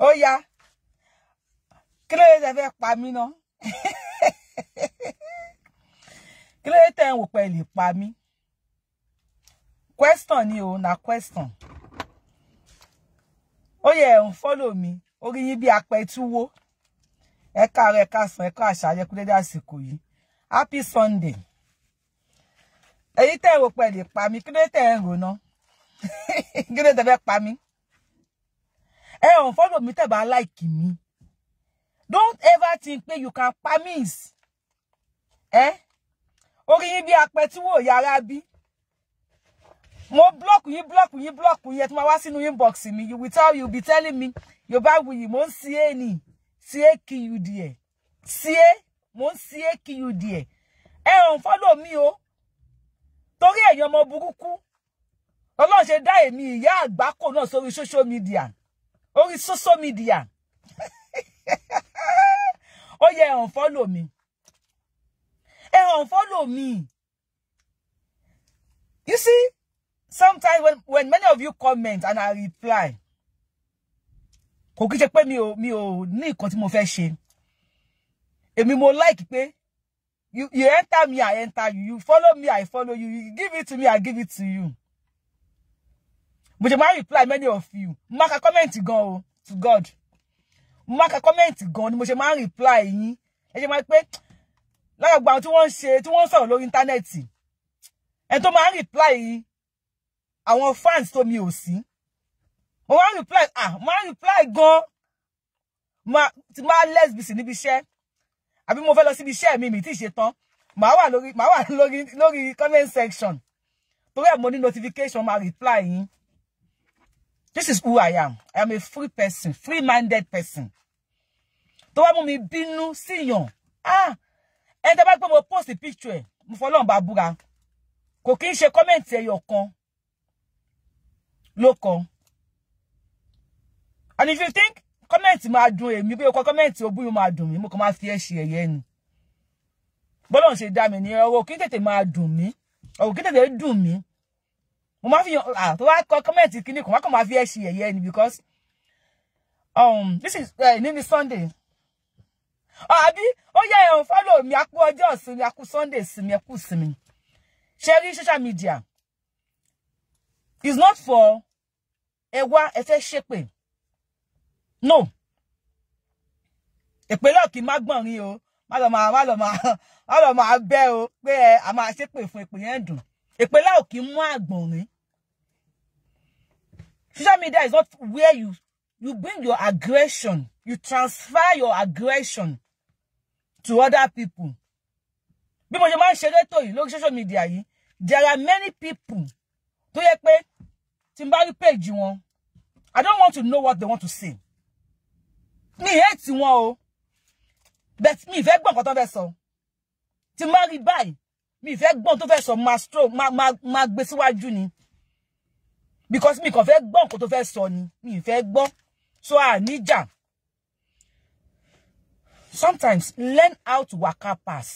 Oya, kí pa kí ló dé pa question ni o na question Oye, yẹ mi orí yín bí apẹtúwó ẹ káàárọ̀ ẹ káàsán ẹ káàṣà ayẹkúndédé àsìkò yìí happy sunday èyí tẹ́ pa pa ẹ ò follow mi tẹ́ bá like mi don't ever think pé you can promise, ẹ orí yín bí apẹ tí wò yàrá bí mo block yín block yín block yín ẹ tí máa wá sínú inbox mi you will tell you be telling me Yorùbáwuyì mo ń ṣe é ní ṣe é kí you díẹ̀ ṣe é mo ń ṣe é kí you díẹ̀ ẹ ò ń follow mi o torí ẹ̀yin ọmọ burúkú ọlọ́run ṣe dá èmi ìyá àgbákò náà sórí social media orí social media ó yẹ ẹ unfollow mi ẹ unfollow mi you see sometimes when when many of you comment and I reply kò kí ṣe pé mi ò mi ò ní nǹkan tí mo fẹ́ ṣe èmi mo like pé you you enter me I enter you you follow me I follow you you give it to me I give it to you. But ṣe máa reply many of you mo máa comment gan o to God mo máa comment gan ni But ṣe máa reply yín ẹ might máa Like lára gbogbo àwọn share, to ń ṣe tí wọ́n to sọ̀rọ̀ lórí íńtánẹ́ẹ̀tì ẹni tó reply our fans told me ò sí mo máa ń reply ah mo máa ń reply gan ma ti máa lesbisi níbi iṣẹ́ àbí mo fẹ́ lọ síbi iṣẹ́ mi mi tí ì ṣe tán màá wà lórí màá wà lórí lórí comment section To ẹ̀ mo ní notification máa reply yín This is who I am. I am a free person, free-minded person. Tó bá mú mi bínú síyàn. Ah! Ẹ tó bá pé mo post picture, mo fọlọ́run bá búra. Kò kí ń ṣe kọ́mẹ̀ntì ẹyọ kan And if you think kọ́mẹ̀ntì máa dùn èmi bí ọkọ̀ kọ́mẹ̀ntì ogún máa dùn mí, mo kàn máa fi ẹ̀ ṣe ẹ̀yẹ ni. Bọ́lọ́run ṣe dá mi ní ọ̀rọ̀ kí tètè máa dùn mí, ọ̀rọ̀ kí tètè dùn mí mo máa fi hàn tó wá kọ kọ́mẹ̀ntì kínní kan wá kàn máa fi ẹ̀ ṣe ni because um, this is uh, eh, nini Sunday àbí ó yẹ yeah, follow mi akú ọjọ́ ìsinmi akú Sunday ìsinmi ẹkú ìsinmi ṣe rí social media is not for ẹ wá ẹ fẹ́ no èpè náà kì í má gbọ̀n rí o ma lọ máa má lọ máa má lọ máa bẹ́ o pé a máa ṣépè fún èpè yẹn dùn Èpèlà ò kì í mú Social media is not where you you bring your aggression, you transfer your aggression to other people. Bí mo ṣe máa ń ṣeré tó yìí lórí social media yìí, there are many people tó yẹ pé tí n bá rí péjì wọn, I don't want to know what they want to say. Mi hate wọn o, but mi ìfẹ́ gbọ́ nǹkan tó fẹ́ sọ. Tí n bá rí báyìí, mi fẹ́ gbọ́n to fẹ́ sọ ma stro ma gbé síwájú ni because mi kàn fẹ́ gbọ́n kó tó fẹ́ sọ ni mi fẹ́ gbọ́n so à níjà sometimes learn how to waka pass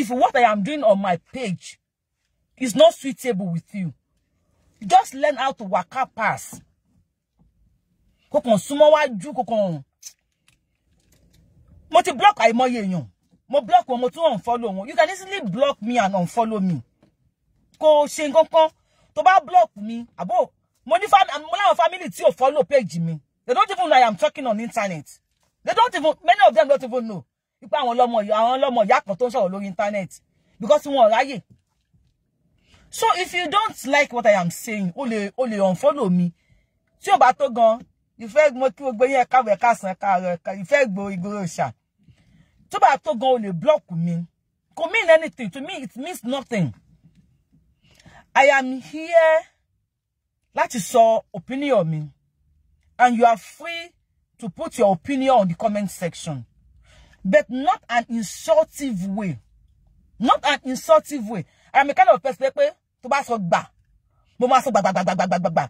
if what I am doing on my page is not suitable with you just learn how to walk pass kò kàn súnmọ́ wájú kò kàn mo ti block àìmọye èèyàn mo block wọn mo tún unfollow wọn you can easily block me and unfollow me Ko ṣe nǹkan kan tó block me? Abo mo ni ní mo láwọn family tí ò follow page mi they don't even know I am talking on internet they don't even many of them don't even know ipa àwọn ọlọ́mọ àwọn ọlọ́mọ ìyá kan tó ń sọ̀rọ̀ internet because wọn ò ráyè so if you don't like what I am saying o lè o lè unfollow me. tí ò bá tó gan ìfẹ́ mo kí gbogbo ka káwé ka káàárọ̀ ìfẹ́ gbo ìgboro ṣáà tó bá tó gan o lè block mi kò mean anything to me it means nothing i am here you saw opinion me, and you are free to put your opinion on the comment section but not an insultive way not an insultive way i am a kind of person pé tó bá sọ gbà mo máa sọ gbàgbàgbàgbàgbàgbà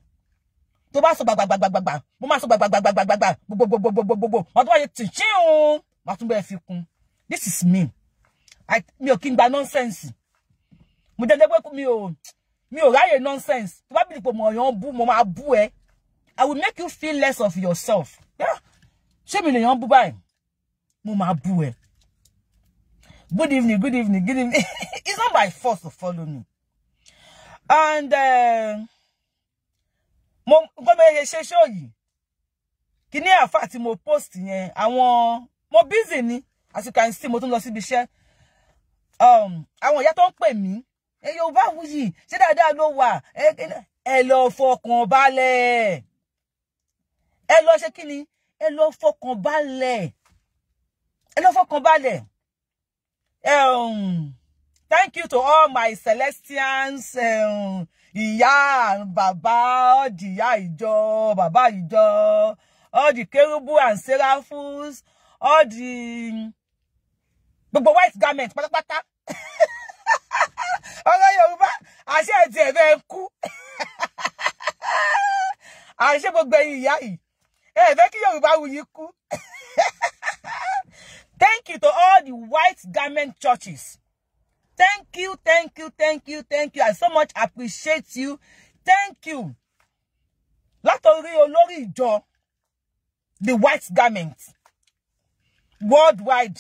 tó bá sọ gbàgbàgbàgbàgbà mo máa sọ gbàgbàgbàgbàgbà gbogbogbogbogbogbogbò ọdún wáyé tìṣíhun màá tún bẹ́ẹ̀ fi kún this is me mi ò kí gba nonsense mo jẹjẹ pé mi ò mi ò ráyè nonsense tó bá bìlì pé mo yàn bú mo máa bú ẹ i will make you feel less of yourself ṣé mi lè yàn bú báyìí mo máa bú ẹ good evening good evening good evening it's not by force to follow me and eh, mo nǹkan bẹ́ẹ̀ ṣe ṣó yìí kí ní àfa mo post yẹn àwọn mo busy ni as you can see mo tún lọ síbi iṣẹ́ um, àwọn ìyá tó ń pè mí Yorùbá wuyì ṣé dáadáa ló wà ẹ lọ fọkàn balẹ̀ ẹ lọ ṣe kí ni ẹ lọ fọkàn balẹ̀ ẹ lọ fọkàn Um, thank you to all my celestians um, ìyá bàbá ọdìyá ìjọ Baba, ìjọ all the kerubu and seraphus all the gbogbo white garment pátápátá ọ̀rọ̀ yorùbá àṣẹ ẹ̀tì ẹ̀rọ ẹ̀ kú àṣẹ gbogbo ẹ̀yìn ìyá yìí ẹ fẹ́ kí yorùbá wù yí kú thank you to all the white garment churches thank you thank you thank you thank you i so much appreciate you thank you látọrí olórí ìjọ the white garment worldwide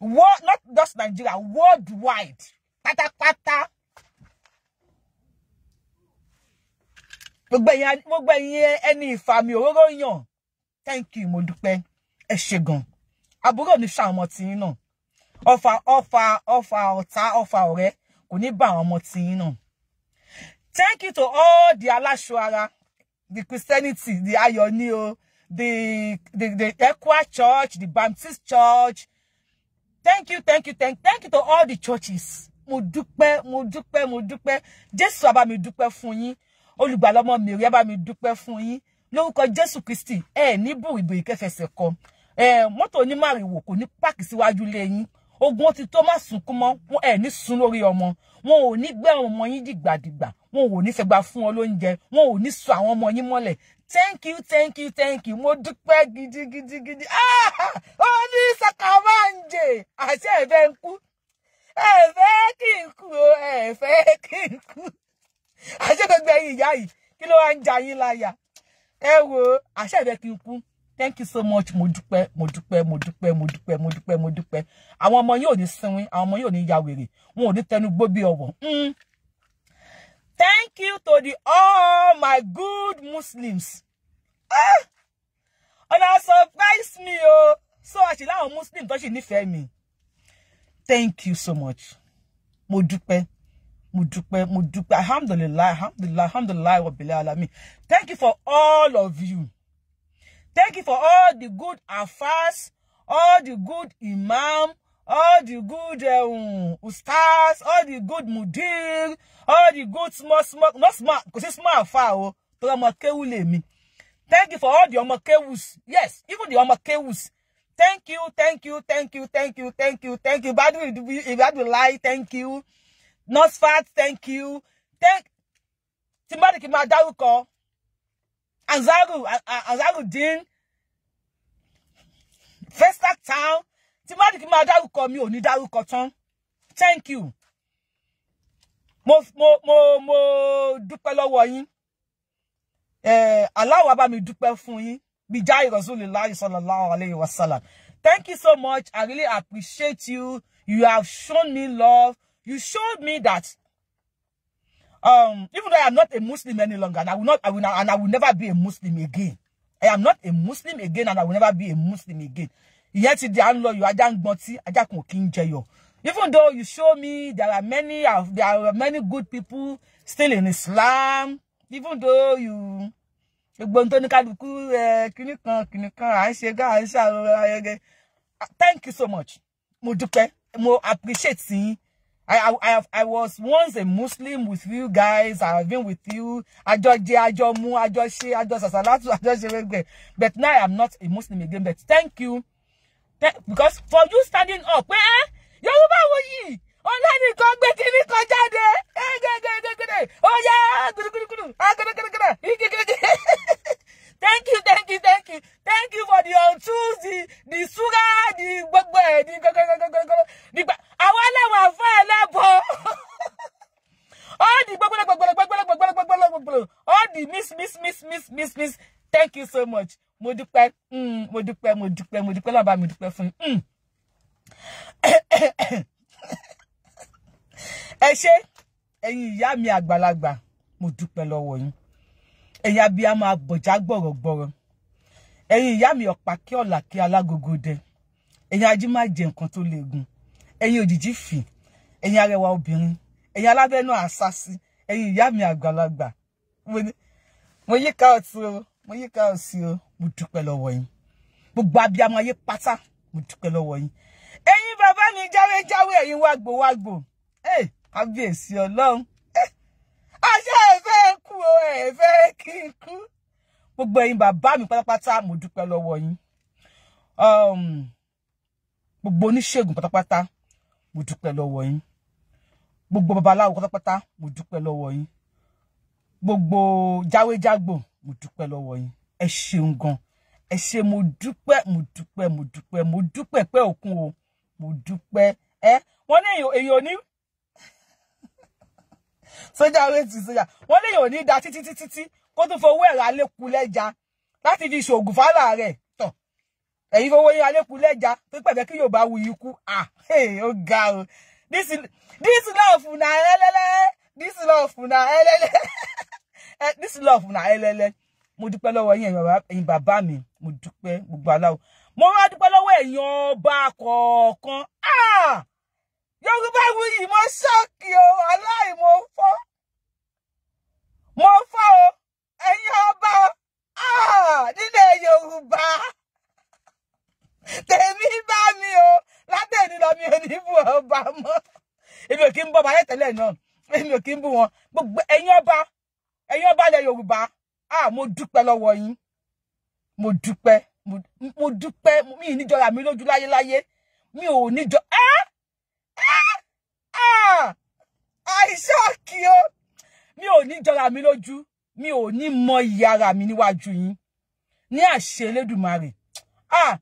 world not just Nigeria worldwide pátápátá gbogbo ẹ̀yin gbogbo ẹ̀yin ẹni ìfàmì òróró yàn thank you mo dúpẹ́ ẹ ṣé gan àbúrò ní sàmọ tìyín náà ọfà ọfà ọfà ọ̀tá ọfà ọ̀rẹ́ thank you to all the aláṣọ ara the Christianity the ayọ̀ o the the the Equa Church, the Baptist Church. Thank you, thank you, thank thank you to all the churches. Mo dúpẹ́, mo dúpẹ́, mo dúpẹ́. Jésù bá mi dúpẹ́ fún yín. Olùgbàlà ọmọ mi re bá mi dúpẹ́ fún yín. Lórúkọ Jésù Kristi, ẹ ní bu ibo ikefese ko. Eh moto ni mariwo kò ni park síwájú le yín. Ogun ti tó má sunkún mọ́, wọn ẹ ní sun lórí omo Wọn ò ní gbé ọmọ yín dìgbàdìgbà wọn ò ni fẹgbà fún wọn lóúnjẹ wọn ò ni sọ àwọn ọmọ yín mọ́lẹ̀ thank you thank you thank you mo dúpẹ́ gidigidigidi ó ah! ní sàkàmáǹjẹ àṣẹ ẹ̀fẹ́ ń kú ẹ̀fẹ́ kí n kú o ẹ̀fẹ́ kí n kú àṣẹ gbogbo ẹ̀yin ìyá yìí kí ló wá ń ja yín láyà ẹ wo àṣẹ ẹ̀fẹ́ kí n kú thank you so much mo dúpẹ́ mo dúpẹ́ mo dúpẹ́ mo dúpẹ́ mo dúpẹ́ mo dúpẹ́ àwọn ọmọ yóò ní sinwin àwọn ọmọ yóò ní ya wèrè wọn ò ní tẹnu gbó bí ọwọ́ hmm. Thank you to the all my good Muslims. Ah! Ọ̀nà surprise me oh, So àti láwọn Muslim tó ṣì nífẹ̀ẹ́ mi. Thank you so much. Mo dúpẹ́. Mo dúpẹ́. Mo dúpẹ́. Alhamdulillah. Alhamdulillah. Alhamdulillah. Wa billah alamin. Thank you for all of you. Thank you for all the good affairs, all the good imam, all the good um, stars all the good mudir all the good small small not small kò sí small àfa o torí ọmọ me. thank you for all the ọmọ yes even the ọmọ thank you thank you thank you thank you thank you thank you Bad if bad ìbádùn lie, thank you Not fat, thank you thank Somebody n bá ní kí n máa dárúkọ anzaru anzaru town tí má dìkì máa dárúkọ mi ò ní dárúkọ tán thank you mo mo mo mo dúpẹ́ lọ́wọ́ yín eh, Allah wá bá mi dúpẹ́ fún yín bijai Rasulullah sallallahu alayhi wasallam. thank you so much I really appreciate you you have shown me love you showed me that um, even though I am not a Muslim any longer, and I will not, I will, not, and I will never be a Muslim again. I am not a Muslim again, and I will never be a Muslim again ìyẹn ti di à ajá ń gbọ́n tí ajá kan kì í jẹyọ even though you show me there are many there are many good people still in Islam even though you gbogbo ohun tó ní kálukú kínní kan kínní kan à ń ṣe gá à ń ṣàròrò ayẹyẹ thank you so much mo dúpẹ́ mo appreciate yín. I, I, have, I was once a Muslim with you guys. I have been with you. Àjọ jẹ, àjọ mu, àjọ ṣe, àjọ sasalatu, àjọ ṣe. But now I'm not a Muslim again. But thank you because for you standing up pé eh, ẹ́ eh, yorùbá wo yìí ọlọ́nìkan gbé kínní kan jáde gẹ́gẹ́gẹ́gẹ́gẹ́ ó yá gúdúgúdúgúdú agúdúgúdúgúdú ah, igigigi thank you thank you thank you thank you for the untus the the suga the gbogbo ẹ̀ the gbogbogbogbogbò nígbà àwa aláwọ̀ àfa alábọ̀ all the gbogbogbogbogbogbogbogbogbogbogbogbogbogbogbò all the miss miss miss miss miss miss thank you so much. Mm, mo dúpẹ́ mo dúpẹ́ mo dúpẹ́ mo dúpẹ́ lọ́ba mi dúpẹ́ fún yín mm. ẹ ṣé ẹ̀yin ìyá mi àgbàlagbà mo dúpẹ́ lọ́wọ́ yín ẹ̀yin abiyamọ àgbọ̀já gbọ̀rọ̀gbọ̀rọ̀ ẹ̀yin ìyá mi ọ̀pá kí ọ̀là kí alágogo dẹ ẹ̀yin ají má jẹ nǹkan tó leegun ẹ̀yin òjijì fì ẹ̀yin arẹwà obìnrin ẹ̀yin alábẹ́nú àṣàṣì ẹ̀yin ìyá mi àgbàlagbà mo yíká ọ̀tún o mo yí ká òsì o mo dúpẹ́ lọ́wọ́ yín gbogbo abiyamọ ayé pátá mo dúpẹ́ lọ́wọ́ yín ẹ̀yin bàbá mi jáwéjáwé ẹ̀yin wàgbò wàgbò ẹ eh, kábíyèsí Ọlọ́run àṣà eh, ẹ̀fẹ́ kú o ẹ̀fẹ́ kí n kú gbogbo ẹ̀yin bàbá mi pátápátá mo dúpẹ́ lọ́wọ́ yín um, gbogbo oníṣègùn pátápátá mo dúpẹ́ lọ́wọ́ yín gbogbo babaláwo pátápátá mo dúpẹ́ lọ́wọ́ yín gbogbo jáwéjágbò mo dúpẹ́ lọ́wọ́ yín ẹ ṣeun gan ẹ ṣe mo dúpẹ́ mo dúpẹ́ mo dúpẹ́ mo dúpẹ́ pẹ́ òkun o mo dúpẹ́ ẹ wọ́n ní èyí ò ní sójà retí sójà wọ́n ní èyí ò ní da títí títí tí kó tún fowó ẹ̀rọ aléku lẹ́ja láti fi ṣoògùn fára rẹ̀ tọ̀ ẹ̀yin fowó yín aléku lẹ́ja tó pẹ̀fẹ́ kí Yorùbá wu yìí kú à ah, ó ga o this love na ẹlẹ́lẹ́ this love na ẹlẹ́lẹ́. Eh, this love na ẹlẹ́lẹ́ mo dúpẹ́ lọ́wọ́ yín ẹ̀yin bàbá mi mo dúpẹ́ gbogbo aláwọ̀ mo wá dúpẹ́ lọ́wọ́ ẹ̀yin ọba kọ̀ọ̀kan ah! yorùbá wuyì mo ṣọ́ọ̀kì o alai mo fọ́ mo fọ́ o ẹ̀yin ọba ah! nílẹ̀ yorùbá tèmi bá mi o látẹ̀ni lọ mi ò bu oba mo mọ́ èmi ò kí ń bọ́ ọba ayẹ́tẹ̀lẹ̀ náà èmi ò kí ń bú gbogbo ẹ̀yin ọba ẹ̀yin ọba ilẹ̀ yorùbá ah mo dúpẹ́ lọ́wọ́ yín mo dúpẹ́ mo dúpẹ́ mi ì níjọra mi lójú láyéláyé mi ò níjọ àìsàkì o mi ò níjọra mi lójú mi ò ní mọ iye ara mi níwájú yín ní àṣẹ elédùnmarè ah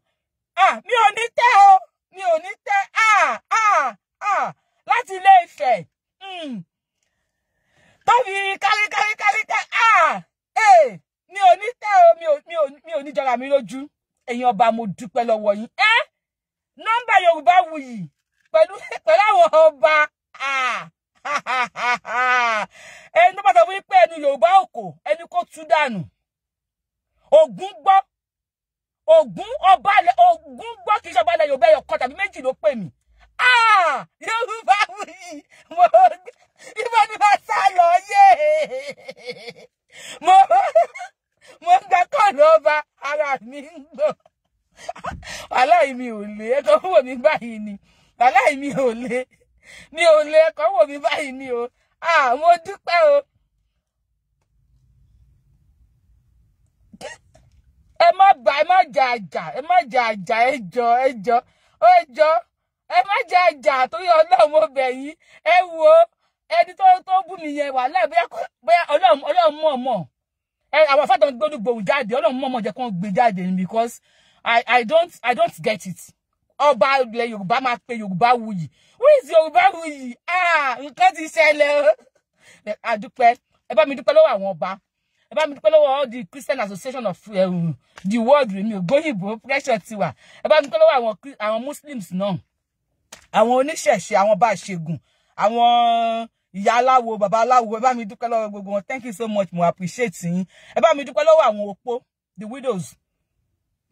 ah mi ò ní tẹ́ o mi ò ní tẹ́ ah ah ah láti ilé Ifẹ̀. Mm tàbí kárí kárí kárí ká eh, mi ò ní tẹ́ o mi ò ní jọra mi lójú ẹ̀yin ọba mo dúpẹ́ lọ́wọ́ yín ẹ́ nọ́mbà Yorùbáwùyí pẹ̀lú pẹ̀lú àwọn ọba ẹni tó bá sọ fún yín pé ẹnu Yorùbá òkò ẹni kó tú dànù Ògún gbọ́ Ògún ọba Ògún gbọ́ kì í ṣe ọba ilẹ̀ Yorùbá ẹ̀yọ̀ kan tàbí méjì ló pè mí Yorùbáwùyí mo gbé ibẹ̀ ni mo sá lọ yé mo mo ń gba kọ́ọ̀nù ọba ara mi ń gbọ́ wàláì mi ò lè ẹ̀kọ́ wò mí báyìí ni wàláì mi ò lè mi ò lè ẹ̀kọ́ wò mí báyìí ni o ah mo dúpẹ́ o. ẹ má bà ẹ má jà àjà ẹ má jà àjà ẹ jọ ẹ jọ ẹ jọ ẹ má jà àjà torí Ọlọ́run mo bẹ̀ yín ẹ wo ẹni tó tó bú mi yẹn wà láì bóyá bóyá ọlọ́run ọlọ́run mọ̀ mọ̀ ẹ àwọn afáàtàn gbọ́dọ̀ gbòòrò jáde ọlọ́run mọ̀ mọ̀ jẹ́ kó gbé jáde ni because I I don't I don't get it ọba ilẹ̀ yorùbá máa pe yorùbá wuyì who is yorùbá wuyì ah nǹkan ti ṣẹlẹ̀ o àdúpẹ́ ẹ bá mi dúpẹ́ lọ́wọ́ àwọn ọba ẹ bá mi dúpẹ́ lọ́wọ́ all the christian association of uh, the world rèmi ògbóyìnbó pressure ti wà ẹ bá mi dúpẹ́ lọ́wọ́ àwọn àwọn muslims náà àwọn oníṣẹ̀ṣe àwọn bá a ṣègùn àwọn ìyá aláwo bàbá aláwo ẹ bá mi dúpẹ́ lọ́wọ́ gbogbo wọn thank you so much mo appreciate yín ẹ bá mi dúpẹ́ lọ́wọ́ àwọn opó the widows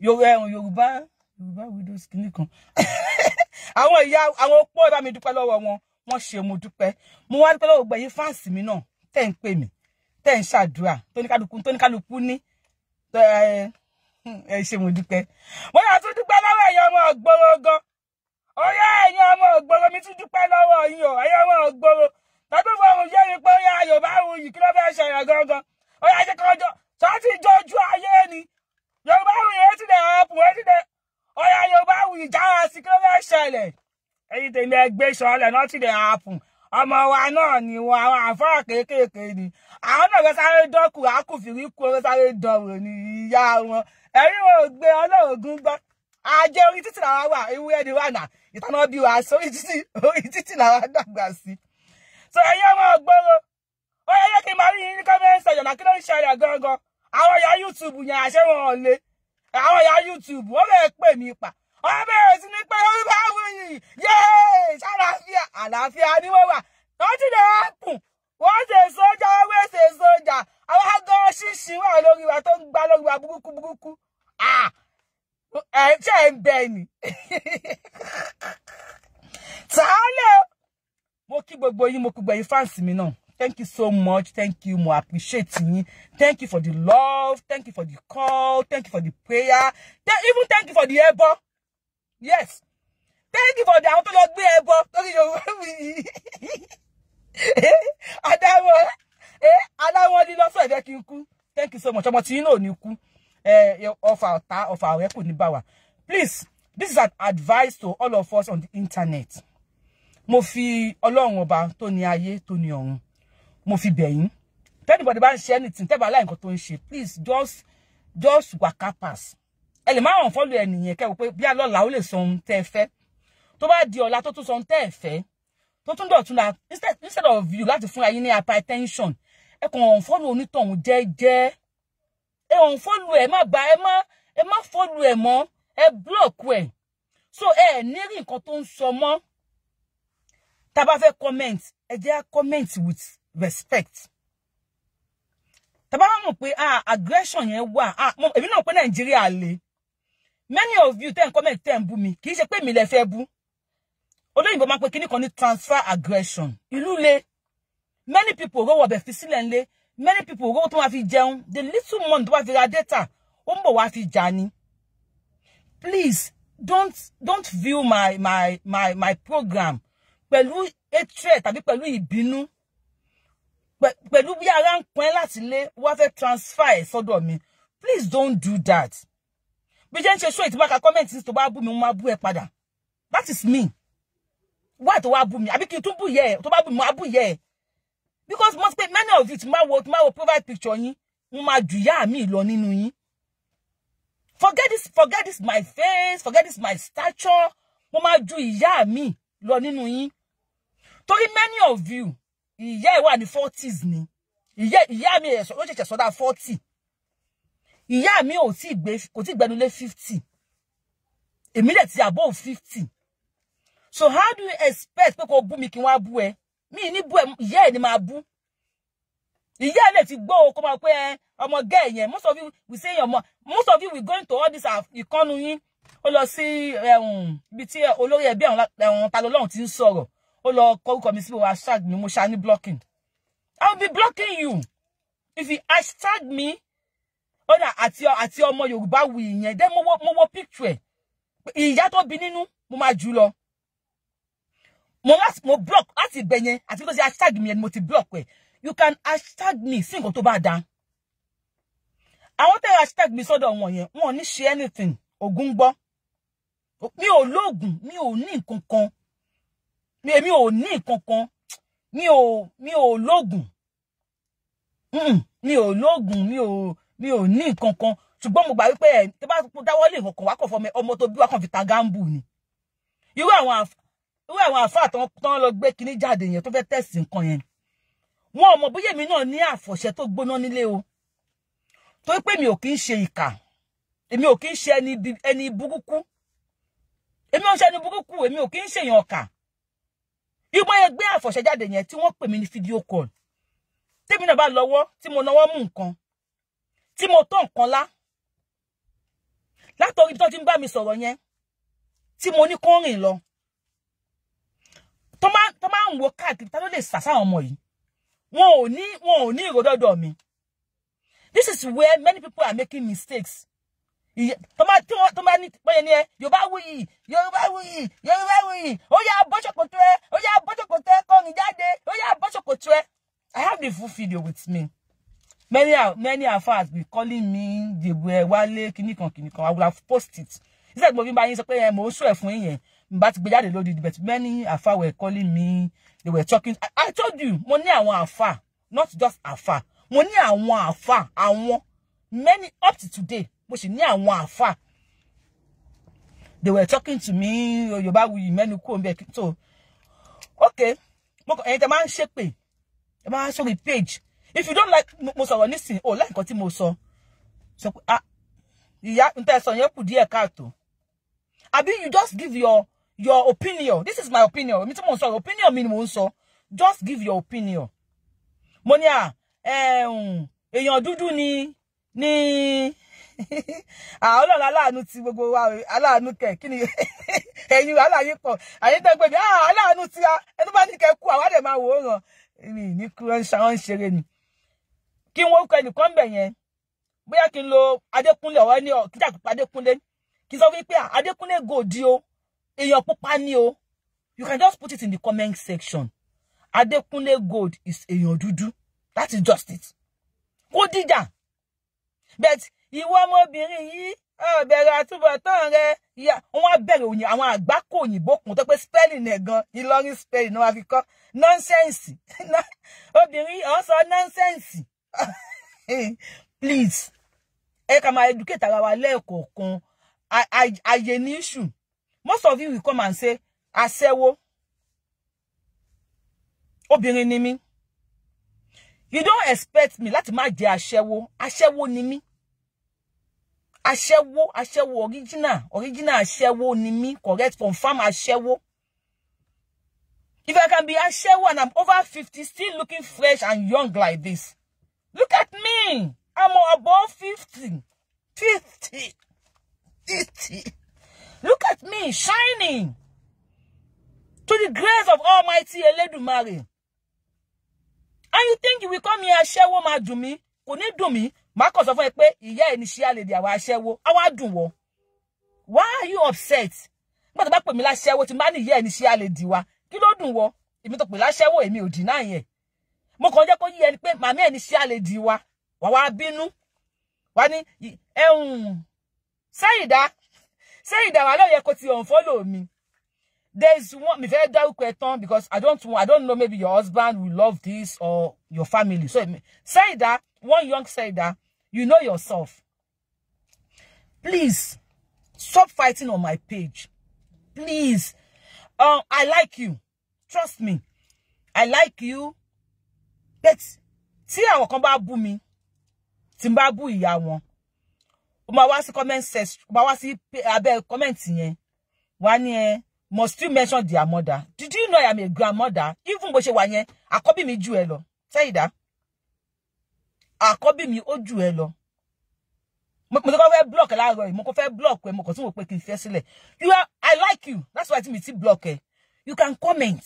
eh, yorùbá yorùbá widows kìíní kan àwọn ìyá àwọn opó ẹ bá mi dúpẹ́ lọ́wọ́ wọn wọ́n ṣe mo dúpẹ́ mo wá dúpẹ́ lọ́wọ́ gbẹ̀yìn fáǹsì mi náà tẹ́ ń pè mí tẹ́ ń ṣàdúrà tóníkálukú tóníkálukú ní ẹ ṣe mo dúpẹ́ mo yà tún dúpẹ́ lọ́wọ́ ẹ̀yin ọmọ ògbóró gan ó yá ẹ̀yin ọmọ ògbóró mi tún dúpẹ́ lọ́wọ́ yín o ẹ̀yin ọmọ ògbóró tọ́tù fọ̀hún yé mi pé ó yá yorùbá òun yìí kí ló fẹ́ ṣẹ̀yàn gangan ó yá jẹ́ kọjọ́ sọ́ọ́tì jọjú ayé ni yorùbá òun yìí ti dẹ̀ ọ̀pù ó ti dẹ̀ ó yá yorùbá òun yìí jáwọ́ sí kí ló fẹ́ ṣẹlẹ̀ tèmi ẹgbẹ́ ọmọ wa náà ni wọn àwọn ni àwọn náà sáré dọ́kù kú sáré ni ìyá wọn ẹ̀rí wọn ò gbé ọlọ́ọ̀gùn gbọ́ ajé orí títì wà ewu ẹni wà so ẹ̀yin ọmọ ògbóró ó yẹ yẹ kí n máa rí yín ní kọ́mẹ́ǹsì ọ̀yọ̀mà kí ló ń ṣẹlẹ̀ gangan àwọn ìyá YouTube yẹn àṣẹ wọn ò le àwọn ìyá YouTube ó bẹ̀rẹ̀ pè mí pa ó bẹ̀rẹ̀ sí ní pé orúkọ àwọn yìí yéé àlàáfíà ni wọ́n wà ti lè wọ́n wà lórí wa tó ń gbá lórí wa burúkú burúkú ẹ̀ ṣe ń mo kí gbogbo yín mo kí gbẹ̀yìn fáǹsì mi náà thank you so much thank you mo appreciate yín thank you for the love thank you for the call thank you for the prayer then even thank you for the ẹbọ yes thank you for the àwọn tó lọ gbé ẹbọ lórí yorùbá mi adáwọ aláwọ ní lọ́sọ̀ ẹ̀fẹ́ kí n kú thank you so much ọmọ tí yín náà ní Ku. Eh, ọ̀tá ọfà ọ̀rẹ́ kò ní bá wa please this is an advice to all of us on the internet mo fi ọlọ́run ọba tó ní ayé tó ní ọ̀run mo fi bẹ̀ yín bá ń ṣe anything tẹ́bà láì nǹkan tó ń ṣe please just just waka pass ẹ lè má hàn fọ́lù ẹnìyẹn kẹ́wọ́ pé bí alọ́la ó lè sọ ohun tẹ́ ẹ fẹ́ tó bá di ọ̀la tó tún sọ ohun tẹ́ ẹ fẹ́ tó tún dọ̀tún la instead, instead of you láti fúnra yín ní hypertension ẹ kàn hàn fọ́lù onítọ̀hún jẹ́jẹ́ ẹ hàn fọ́lù ẹ má ba ẹ má ẹ má fọ́lù ẹ mọ́ ẹ block ẹ so ẹ ní rí nǹkan tó ń sọ mọ́ tá a comment ẹ jẹ́ á comment with respect tá a bá mọ̀ pé ah aggression yẹn wà ah èmi náà pé Nigeria, le many of you ten comment ten bú mi kì í ṣe pé mi lè fẹ́ bú olóyìnbó máa ń pe kíní kan transfer aggression ìlú le many people go ọbẹ̀ fi sílẹ̀ ń many people go tó ma fi jẹun the little money tó bá fi ra data ó ń bọ̀ fi jà please don't don't view my my my my program pẹ̀lú hatred tàbí pẹ̀lú ìbínú pẹ̀lú bí ara ń pọn láti lé wá fẹ́ transfer ẹ̀ sọ́dọ̀ mi please don't do that bí jẹ́ ń ṣe show ìtìbáka comment tó bá bú mi mo máa bú ẹ padà that is me wá tó wá bú mi àbí kí n tún bú yẹ ẹ tó bá bú mi mo á bú yẹ ẹ because mo pe many of you ti máa wo ti máa wo provide picture yín mo máa jù yá mi lọ nínú yín forget this forget this my face forget this my stature mo máa ju ìyá mi lọ nínú yín torí many of you ìyá ẹ̀ wà ní forties ni ìyá ìyá mi ẹ̀ sọ ló ṣẹ̀ṣẹ̀ sọdá forty ìyá mi ò tí gbé kò tí gbẹnulé fifty èmi dẹ̀ ti above fifty so how do you expect pé kò bú mi kí wọ́n á bú mi ní bú ẹ ìyá ni máa bú ìyá ẹ̀ ti gbọ́ o kó máa pé ọmọ gẹ́ most of you we say ọmọ most of you we going to all this uh, ìkọ́nu yín ó lọ sí um, ibi tí olórí ẹbí àwọn um, ta lọ́lọ́run ti ń sọ̀rọ̀ ó lọ kọ́kọ́ mi síbò hashtag mi mo ṣá ní blocking i will be blocking you if you hashtag me ọ̀nà àti àti ọmọ yorùbá wù ìyẹn dé mo wo mo wo picture ẹ̀ ìyá tó bí nínú mo máa jù lọ mo wá mo block láti ibẹ̀ yẹn àti bí kò sí hashtag mi yẹn mo ti block ẹ̀ you can hashtag me sí to tó bá dáa àwọn tẹ́ hashtag mi sọ́dọ̀ wọn yẹn wọn ò ní ṣe anything ògùn gbọ́ mi ò lóògùn mi ò ní nǹkan kan èmi ò ní nǹkan mi ò mi ò lóògùn mi ò lóògùn mi ò mi ò ní nǹkan kan ṣùgbọ́n mo gbà wípé ẹ̀ tó bá dáwọ́lé nǹkan kan wá kọ̀ fọmọ ọmọ tó bí wá kàn fi ta gáǹbù ni irú àwọn irú àwọn àfáà tán tán lọ gbé kinní jáde yẹn tó fẹ́ tẹ̀sí nǹkan yẹn wọn ò mọ̀ bóyá èmi náà ní àfọ̀ṣẹ tó gbóná nílé o torí pé mi ò kí ń ṣe ìkà èmi ò kí ń ṣe ẹni burúkú èmi ò ń ṣe ẹni burúkú èmi ò kí ń ṣèyàn ọ̀kà ìgbọ́n yẹn àfọ̀ṣẹ́jáde yẹn tí wọ́n pè mí ní fídíò call tèmi náà bá lọ́wọ́ tí mo náwó mú nǹkan tí mo tó nǹkan lá látọ̀rí tó ti ń bá mi sọ̀rọ̀ yẹn tí mo ní kó rìn lọ tó máa ń wo káàkiri ta ló lè sà sáwọn ọmọ yìí wọn ò ní wọn ò ní ìròdọ́dọ̀ mi this is where many people are making mistakes tọ́mà tí wọ́n tọ́mà ní pẹ́yẹ ni ẹ yorùbá wuyì yorùbá wuyì yorùbá wuyì ó yà bọ́ṣọ̀kòtò ẹ ó yà bọ́ṣọ̀kòtò ẹ kọrin jáde ó yà bọ́ṣọ̀kòtò ẹ. I have the full video with me. Many many afars be calling me Dèbúrẹ́ Wálé kìnìkan kìnìkan I will have post it. Ìṣe ìgbòho bá yín sọ pé mò ń sọ ẹ̀ fún yẹn bá ti gbé jáde lórí but many afa were calling me they were talking I, I told you mo ní àwọn afa not just afa mo ní àwọn afa àwọn many up to today mo sì ní àwọn àfà they were talking to me yorùbá wuyì mẹ́nu kúrò níbẹ̀ so okay mo kàn ẹ̀yin tẹ́ máa ń ṣépè ẹ máa ń sórí page if you don't like mo sọ̀rọ̀ nísìn o láì nǹkan tí mo sọ sọ pé ah ìyá n tẹ́ sọ yẹn kù díẹ̀ káàtó àbí you just give your your opinion this is my opinion èmi tí mo sọ opinion mi ni mo ń sọ just give your opinion mo ní à ah, èèyàn dúdú ni ni àwọn ah, ọlọ́run aláàánú ti gbogbo wa aláàánú kẹ̀ kí ni ẹ̀yin wàhálà yín pọ̀ àyín tó gbé mi ah, aláàánú ti ẹni bá ní kẹ kú àwa dẹ̀ máa wò ó ràn mi ní kú ẹ̀ ń ṣàwọn ń ṣeré ni kí n wọ́n kọ ẹnìkan bẹ̀ yẹn bóyá kí n lo Adékúnlé ọ̀rọ̀ ẹni kí jà pípa Adékúnlé kí n sọ wípé ah, Adékúnlé gòdì o èèyàn pupa ni o you can just put it in the comment section Adékúnlé gold is èèyàn dúdú that is just it kó dìjà but ìwọ ọmọbìnrin yìí bẹ̀rẹ̀ àtúbọ̀tán rẹ ìyá wọn bẹ̀rẹ̀ òyìn àwọn àgbákò òyìnbó kùn tó pé spelling ẹ̀ Ìlọrin spelling náà fi kọ́ nọ́nsẹ̀nsì obìnrin ọ̀ sọ nọ́nsẹ̀nsì please ẹ ká máa educate ara wa lẹ́ẹ̀kọ̀ọ̀kan àyè ní ṣù most of you will come and say aṣẹ́wó obìnrin ni mí you don't expect me láti má jẹ́ aṣẹ́wó aṣẹ́wó ni mí aṣẹ́wó aṣẹ́wó original original aṣẹ́wó ni mí correct confirm aṣẹ́wó if I can be aṣẹ́wó and I'm over fifty still looking fresh and young like this look at me I'm above fifty fifty fifty look at me shining to the grace of Almighty Elédùmarè and you think you will come here aṣẹ́wó máa dùn mí kò ní dùn mí má kàn sọ fún ẹ pé ìyá ẹ ní ṣíà lè di àwọn aṣẹ́wó á wá dùn wọ́ why are you upset nígbà tó bá pè mí láṣẹ́wó tí má ní ìyá ẹ ní ṣíà lè di wa kí ló dùn wọ́ èmi tó pè láṣẹ́wó èmi ò dínà yẹn mo kàn jẹ́ kó yí ẹni pé màmí ẹ ní ṣíà lè di wa wà wá bínú wà ní ẹ̀hún Sayida Sayida wà lóye kó ti unfollow mi there's one mi fẹ́ dárúkọ ẹ tán because i don't i don't know maybe your husband will love this or your family so Sayida one young Sayida You know yourself. Please, stop fighting on my page. Please. Um, I like you. Trust me. I like you. But, see how come bá bú mi, tí n bá bú ìyá comment section, ó máa comment yẹn. Wá ní eh, must you mention their mother? Did you know I am a grandmother? Even bó wanye, wà yẹn, àkọ́bí mi jù ẹ́ that àkọ́bí mi ó jù ẹ lọ mo ti kọ́ fẹ́ block láàárọ̀ yìí mo kọ́ fẹ́ block ẹ mo kọ́ tí mo pe kì í fẹ́ sílẹ̀ you are i like you that's why mi ti block ẹ you can comment.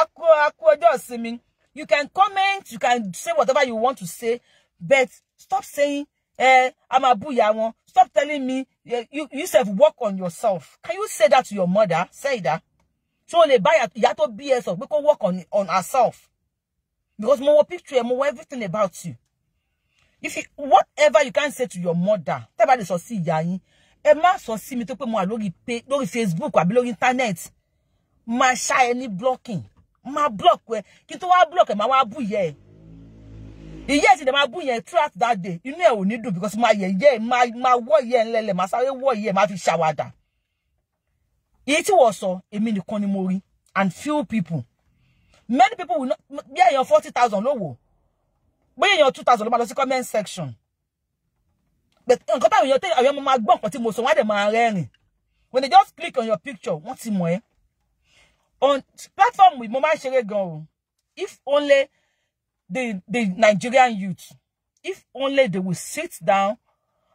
akú akú ọjọ́ ìsinmi you can comment you can say whatever you want to say but stop saying eh, I'm abuya wọn stop telling me you you sef work on yourself can you say that to your mother say that ṣó lè bá ìyá tó bí ẹ sọ pé kó work on, on herself because mo wo picture ẹ mo wo everything about you if you whatever you can say to your mother tẹ́ bá lè sọ sí ìyá yín ẹ má sọ sí mi tó pé mo wà lórí pé lórí facebook àbí lórí internet máa ṣá ẹ blocking máa block ẹ kí n tó wá block ẹ máa wá bú ìyá ẹ ìyá ẹ sì lè máa bú yẹn throughout that day inú ẹ ò ní dùn because máa yẹ ìyá ẹ máa wọ ìyá ẹ ńlẹlẹ máa sáré wọ ìyá ẹ máa fi ṣàwàdà èyí tí wọ́n sọ èmi nìkan ni mo rí and few people many people will not bí èèyàn forty thousand ló wò bí èèyàn two thousand ló máa lọ sí comment section nǹkan táwọn èèyàn tẹ́lẹ̀ àwọn ọmọ máa gbọ́ nǹkan tí mo sọ wọ́n á dẹ̀ máa rẹ́rìn when they just click on your picture wọ́n ti mọ̀ ẹ́ on platform mo máa ń ṣeré gan if only the the Nigerian youth if only they will sit down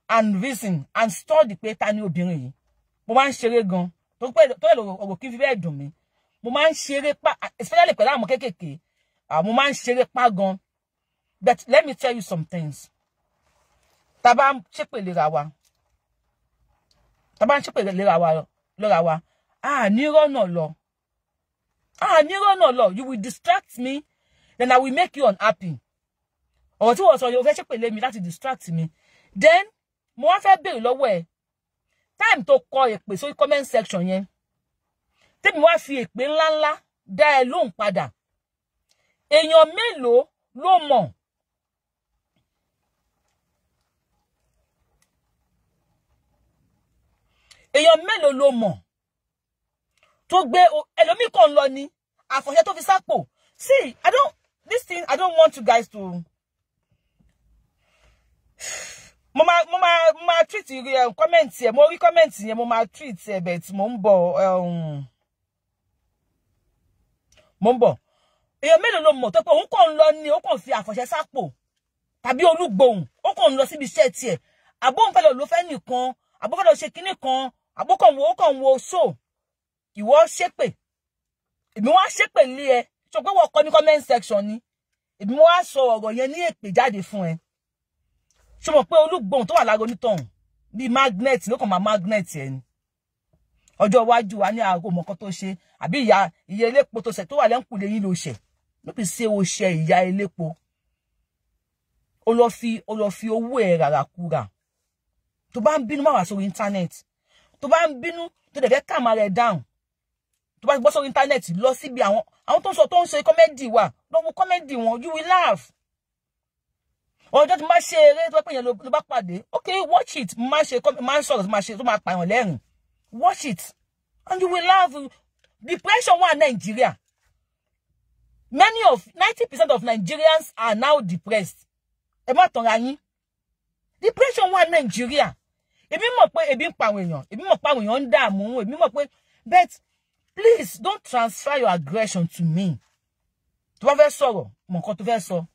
and reason and study pé ta ni obìnrin yìí mo máa ń ṣeré gan tó pẹ́ tó pẹ́ ọ̀rọ̀ kí n fi bẹ́ẹ̀ dùn mí mo máa ń ṣeré pa especially pẹ̀lú àwọn kéékèèké mo máa ń ṣeré pa gan but let me tell you some things tá a bá ń ṣépèlè ra wa tá a bá ń ṣépèlè ra wa lọ́ra wa a ní rọ́nà lọ a ní rọ́nà lọ you will distract me then I will make you unhappy ọ̀rọ̀ tí wọ́n sọ yóò fẹ́ ṣépèlè mi láti distract me then mo wá fẹ́ béèrè lọ́wọ́ ẹ̀ time to kọ èpè sórí comment section yẹn tèmi wá fi èpè ńláńlá dá ẹ lóhùn padà èèyàn mélòó ló mọ̀ èèyàn mélòó ló mọ̀ tó gbé ẹlòmíì kan lọ ni àfọ̀ṣẹ́ tó fi sápò see i don't this thing i don't want you guys to mo máa mo máa mo máa treat kọ́mẹ̀ntì um, ẹ̀ mo rí comment yẹn mo máa treat ẹ̀ um, bẹ̀ tí mo ń bọ̀ mo um, ń bọ̀ èèyàn mélòó ló mọ̀ tó pé òun kàn ń lọ ni ó kàn fi àfọ̀ṣẹ sápò tàbí olúgbòhùn ó kàn ń lọ síbi iṣẹ́ tiẹ̀ àbóhùn fẹ́ lọ ló fẹ́ nìkan àbóhùn fẹ́ lọ ṣe kinní kan àbókàn wo ó kàn wo so ìwọ ṣépè èmi wá ṣépè lé ẹ sọ pé wọ́n kọ́ ní comment section ni èmi wá sọ ọ̀rọ̀ yẹn ní èpè jáde fún ẹ ṣé mo pé olúgbòhùn tó wà lára onítọ̀hún bíi magnet ló kàn máa magnet ẹ̀ ni ọjọ́ iwájú wa ní aago mọ̀ọ́kọ́ tó ṣe àbí ìyá ìyá elépo tó ṣẹ̀ tó wà lẹ́ńkùlé yìí ló ṣẹ̀ ló fi ṣe o ṣẹ ìyá elépo o lọ fi o lọ fi owó ẹ̀ rárá kúra tó bá ń bínú má wá sórí íńtánẹ́ẹ̀tì tó bá ń bínú tó dẹ̀ fẹ́ kàmá rẹ̀ dáhùn tó bá gbọ́ sórí internet. lọ síbi àwọn àwọn tó ń sọ tó ń ṣe kọ́mẹ́dì wà lọ́wọ́ kọ́mẹ́dì wọn you will laugh ọjọ́ tí máa ṣe eré tó pé yẹn ló bá pàdé okay watch it máa ṣe máa ń sọ̀rọ̀ tó máa ṣe tó máa pààyàn lẹ́rìn watch it and you will laugh depression wà nàìjíríà many of ninety percent of Nigerians are now depressed ẹ má tàn yín depression wà nàìjíríà èmi mọ̀ pé ebi ń pa àwọn èèyàn èmi mọ̀ pé àwọn èèyàn ń dààmú èmi mọ̀ pé but please don't transfer your aggression to me tó bá fẹ́ sọ̀rọ̀ mọ̀ nǹkan tó fẹ́ sọ. So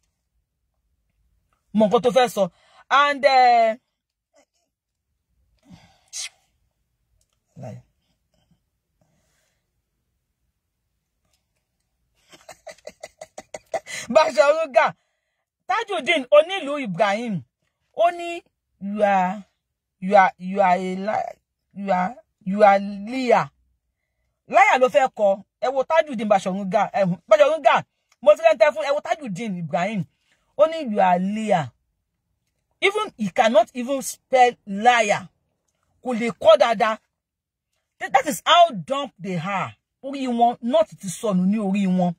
mọ nǹkan tó fẹ́ sọ and eh, Basharuga Tajudeen onílù Ibrahim ó ní you are you are you are a liar you are you are liar láyà ló fẹ́ kọ ẹ wo Tajudeen Basharuga ẹ Basharuga mo ti rẹ́ńtẹ́ fún ẹ wo Tajudeen Ibrahim only you are liar even he cannot even spell liar Could lè call that that That is how dumb they are orí wọn not ti son. ní orí wọn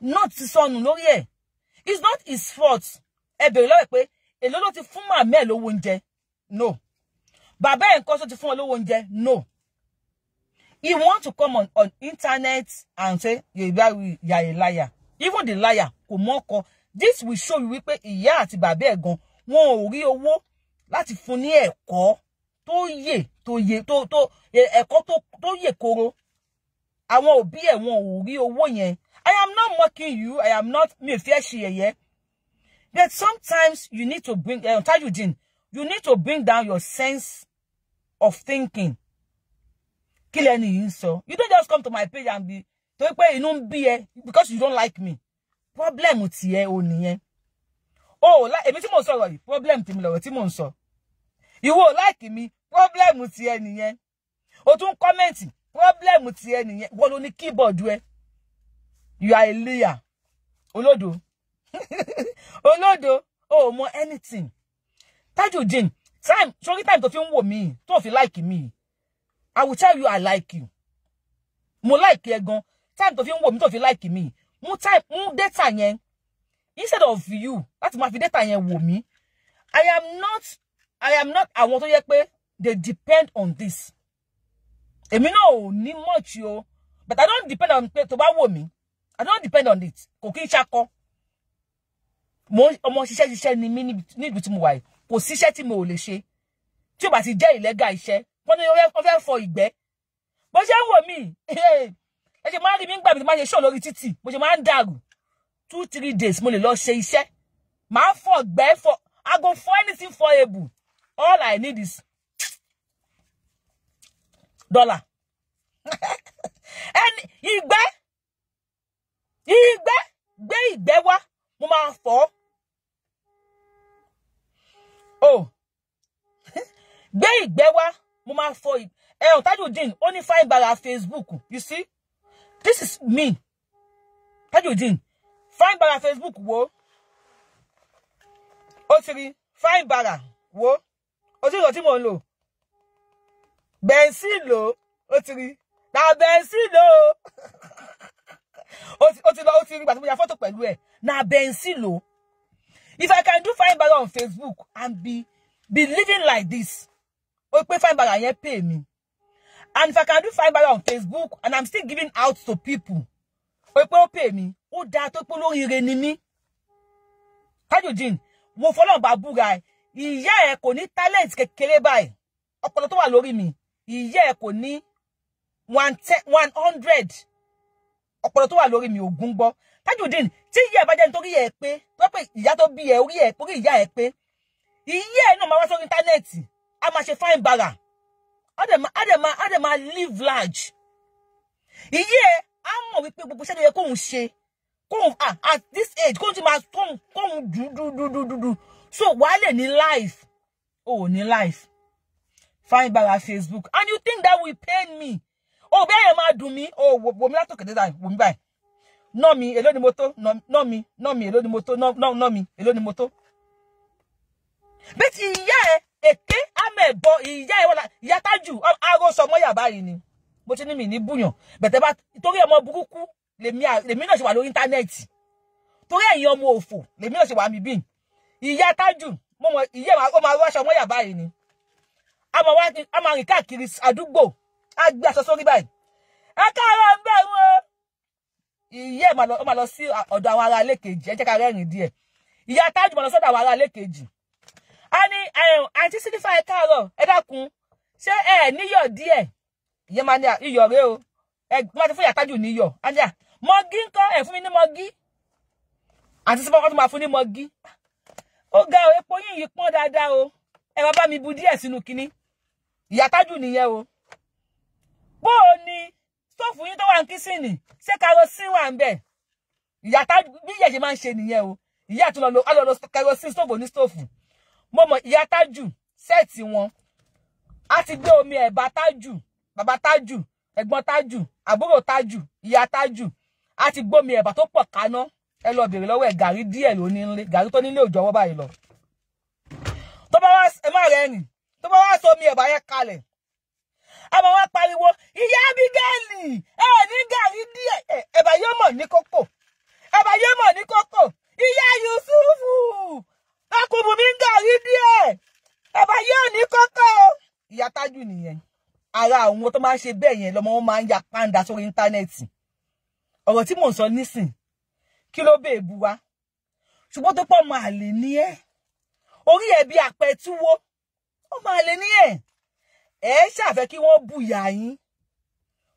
not ti son. No, ẹ̀ it's not his fault ẹ bèrè lọ́wọ́ pé èló ló ti fún màmá ẹ̀ lówó oúnjẹ no bàbá ẹ̀ nǹkan tó ti fún ọ lówó oúnjẹ no he want to come on on internet and say you are a liar even the liar kò mọ̀ this will show you wípé ìyá àti bàbá ẹ̀ gan wọn ò rí owó láti fún ní ẹ̀kọ́ tó yè tó yè tó tó ẹ̀kọ́ tó yè koro àwọn òbí ẹ̀ wọn ò rí owó yẹn I am not mocking you I am not mi ò fi ẹ́ ṣe yẹ̀yẹ́ but sometimes you need to bring uh, eh, Tajudeen you need to bring down your sense of thinking kí lẹ́nu yìí ń sọ you don't just come to my page and be torí pé inú ń bí ẹ because you don't like me problem tiẹ̀ o nìyẹn o ò láì èmi tí mò ń sọ̀rọ̀ yìí problem tèmi lọ̀rọ̀ tí mò ń sọ ìwọ ò láìkì mi problem tiẹ̀ nìyẹn o tún kọ́mẹ̀ntì problem tiẹ̀ nìyẹn wọ́n ló ní keyboard ẹ you are a liar olódo olódo o ò mọ anything Tajudeen time Sorry, time to fi ń wò mí tó fi like mi i will tell you i like you mo like ẹ gan time to fi ń wò mí tó fi like mi mú type mú data yẹn instead of you láti máa fi data yẹn wò mí i am not i am not àwọn tó yẹ pé they depend on this èmi náà ò ní much yo, but i don't depend on pé tó bá wò mí i don't depend on it kò kí n mo ọmọ ṣiṣẹ́ ṣiṣẹ́ ni mí níbi tí mo wà yìí kò síṣẹ́ tí mo ò lè ṣe tí o bá ti jẹ́ ìlẹ́gà iṣẹ́ wọ́n ní wọ́n fẹ́ fọ ìgbẹ́ bó ṣe ń wò mí ṣe máa rí mi ń gbà mí tí máa ṣe ṣọ́ lórí títì mo ṣe máa ń dàrú two three days mo lè lọ ṣe iṣẹ́ màá fọ gbẹ́ fọ I go for anything for ebu all I need is dollar ẹni ìgbẹ́ ìgbẹ́ gbé ìgbẹ́ wá mo máa fọ́ o oh. gbé ìgbẹ́ wá mo máa fọ́ ẹ̀ ọ̀tájú dín ó ní fáìbàrà Facebook you see this is me How you Tajudeen fine bala Facebook wo ó ti rí fine bara wo ó ti rí ọtí mò ń lò bẹ̀ǹsì lò ó ti oti, ta bẹ̀ǹsì lò ó ti lọ mo ya fọ́tò pẹ̀lú ẹ̀ na bẹ̀ǹsì lò if I can do fine bala on Facebook and be be living like this ó pé fine bara yẹn pè mí and if i can do fine by on facebook and i'm still giving out to people pé pé ó pè mí ó dáa tó pé olóríire ni mí Tajudeen wo fọlọ́ọ̀bà búra ẹ̀ ìyá ẹ̀ kò ní talent kékeré báyìí ọpọlọ tó wà lórí mi ìyá ẹ̀ one ní one hundred ọpọlọ tó wà lori mi ògún Can you tí ìyá ẹ̀ bá jẹ́ nítorí ẹ̀ pé tó to ìyá tó bí ẹ̀ orí ẹ̀ orí ìyá ẹ̀ pé ìyá ẹ̀ náà máa wá fine bara á dẹ̀ máa live large ìyé á mọ̀ wípé gbogbo iṣẹ́ tó yẹ kóun ṣe kóun ah, at this age kóun ti máa kóun kóun dúdúdúdúdú so wàá lè ní life o ò ní life find bara Facebook and you think that will pain me o ò bẹ́ẹ̀ yẹn máa dùn mí o wò wò mí látòkè dé báyìí wò mí báyìí nọ mi èló ni mo tó nọ mi nọ mi èló ni mo tó nọ mi èló ni mo tó bẹ́ẹ̀ ti ìyá ẹ èké amẹ̀bọ ìyá ẹ̀ wọ́la ìyá tájù aró sọmọ yàbá yìí ni mo ti ní mi ní búyàn bẹ̀tẹ̀ bá torí ọmọ burúkú lèmi náà ṣe wà lórí íńtánẹ́ẹ̀tì torí ẹ̀yin ọmọ òfò lèmi náà ṣe wà mí bí ìyá tájù mo mọ ìyá ẹ̀ ọmọ aró sọmọ yàbá yìí ni a máa rìn káàkiri àdúgbò á gbé aṣọ sórí báyìí ẹ káàárọ̀ bẹ́ẹ̀ wọ́n ìyá ẹ̀ máa lọ sí ọ̀dọ̀ àwọn ará ilé kejì ẹ jẹ́ Ani, ní àǹtí sílífà ẹ káàárọ̀ ẹ dákun ṣé ẹ níyọ̀ díẹ̀ ìyẹn máa ní iyọ̀ rẹ o ẹ máa ti fún yàtájù níyọ̀ anja mọ́gí ńkọ́ e fún mi ni mọ́gí àti sípò kọ́tún máa fún ní mọ́gí ó ga o epo yín yìí pọ́n dáadáa o ẹ bá mi bu díẹ̀ sínú kinní ìyàtájù nìyẹn o bó o ní stóòfù yín tó wà ní kísìnì ṣé karosín wà ń bẹ̀ ìyàtájù bí yẹ̀yẹ̀ máa ń ṣe nìyẹn o ìyá àtúnlọ́lọ́ alọ́lọ́ karosín stóòfù ní stóòfù mo mọ̀ ìyá tájù sẹ́ẹ̀tì wọn a ti gbé omi ẹ̀bà tájù bàbá tájù ẹ̀gbọ́n tájù àbúrò tájù ìyá tájù a ti gbómi ẹ̀bà tó pọ̀ kaná ẹ lọ bèrè lọ́wọ́ ẹ̀ gàrí díẹ̀ ló ní nílé gàrí tó nílé òjò ọwọ́ báyìí lọ. tó bá wá ẹ má rẹ rìn tó bá wá sómi ẹ̀bà yẹn kalẹ̀ ẹ mọ̀ wá pariwo ìyá Ábígẹ́lì ẹ ní gàrí díẹ̀ ẹ̀bà yóò mọ̀ ní kókò ẹ̀bà yóò mọ̀ ní kókò ìyá Yusufu ẹkùnbùn mi ń gàrí díẹ̀ bàbá yóò ní kọ́kọ́ o ìyá tájù nìyẹn ara àwọn tó máa ń ṣe bẹ́ẹ̀ yẹn lọ́mọ wọn máa ń ya pàǹdà sórí íńtánẹ́ẹ̀tì ọ̀rọ̀ tí mò ń sọ nísìn kí ló bèè bu wa ṣùgbọ́n tó pọ̀ máa lè ní ẹ́ orí ẹ̀ bí àpẹtúwó ó máa lè ní ẹ̀ ẹ̀ ṣàfẹ́ kí wọ́n bùyà yín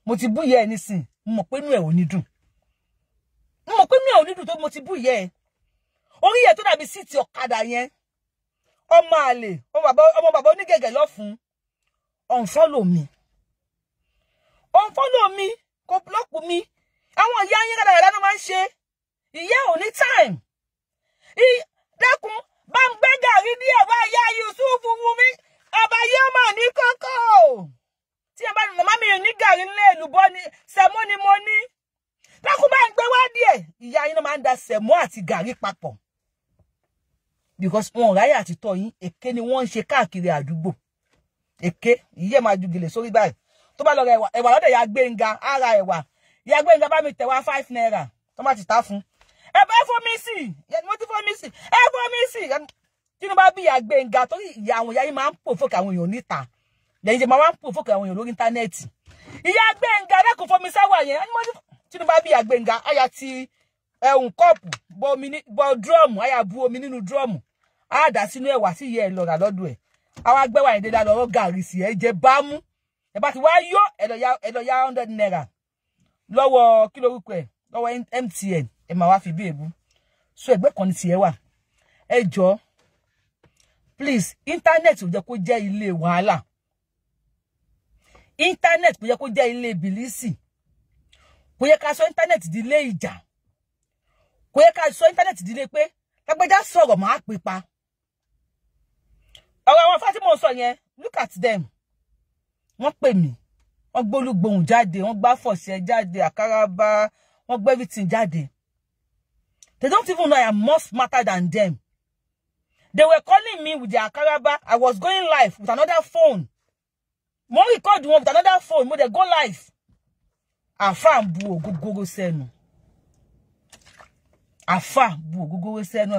mo ti búyẹ ẹ nísìn mo mọ̀ pé inú ẹ̀ ò ní dùn mo mọ̀ pé inú ẹ̀ ò ní dùn tó mo ti búyẹ ẹ orí yẹn tó dàbí síìtì ọ̀kadà yẹn ọmọ àlè ọmọ bàbá onígègè lọ́fun unfollow mi unfollow mi kò búlọ́ọ̀kù mi àwọn ìyá yín kàdà yàrá ló máa ń ṣe ìyá ò ní time dẹ́kun bá ń gbé gàrí ní ẹ̀rọ ìyá Yusuf Wumi ọba yóò mà ní kókó tí ẹ bá ní màmá mi ní gàrí nílé èlùbọ́ ni sẹ̀mọ́ ni mo ní dẹ́kun bá ń gbé wá díẹ̀ ìyá yín ló máa ń da sẹ̀mọ́ àti gàrí papọ̀ because wọn ò ráyè àti yín èké ni wọ́n ń ṣe káàkiri àdúgbò èké ìyẹ́ máa ju gèlè sórí báyìí tó bá lọ ra ẹ̀wà ẹ̀wà lọ́dọ̀ ya gbẹ̀ngà ara ẹ̀wà ya gbẹ̀ngà bá mi tẹ̀ five naira tó má ti ta fún ẹ bá fọ́ mi sí mo ti fọ́ mi sí ẹ fọ́ mi sí tinubu bí ya gbẹ̀ngà torí ìyá àwọn ìyá yìí máa ń pò fókè àwọn èèyàn níta lẹ́yìn tí máa ń pò fókè àwọn èèyàn lórí íńtánẹ́ẹ̀tì ìyá gbẹ̀ngà rẹ̀ kò sáwà yẹn tinubu bí ya gbẹ̀ngà àyà ti ẹ̀hún kọ́ọ̀pù bọ dúrọ́ọ̀mù àyà bu omi nínú dúrọ́ọ̀mù á dà sínú ẹ̀wà sí ìyá ẹ̀ lọ́ra lọ́dún ẹ̀ àwa gbẹ́wà ẹ̀ dédá lọ́wọ́ gàrí sí ẹ̀ jẹ́ bámú ẹ̀ bá ti wá yọ ẹ̀ lọ ya hundred naira lọ́wọ́ kí lorúkọ ẹ̀ lọ́wọ́ MTN ẹ̀ máa wá fi bí èbú so ẹ̀gbẹ́ kan ní tiẹ̀ wà ẹ jọ please internet ò jẹ́ kó jẹ́ ilé wàhálà internet kò yẹ kó jẹ́ ilé bìlísì kò yẹ ká sọ internet di ilé ìjà kò yẹ ká sọ íńtánẹ́ẹ̀tì dílé pé lágbájá sọ̀rọ̀ máa pè pa ọ̀rọ̀ àwọn fátímọ̀ sọ yẹn look at them wọ́n pè mí wọ́n gbólúgbohùn jáde wọ́n gbá fọ̀ṣẹ́ jáde àkàràbà wọ́n gbé everything jáde they don't even know I am more smarter than them they were calling me with their àkàràbà I was going live with another phone mo record wọn with another phone mo dey go live àfáà ń bu ògógóró sẹ́nu. Afa, bu ògógó wé sẹ́nu.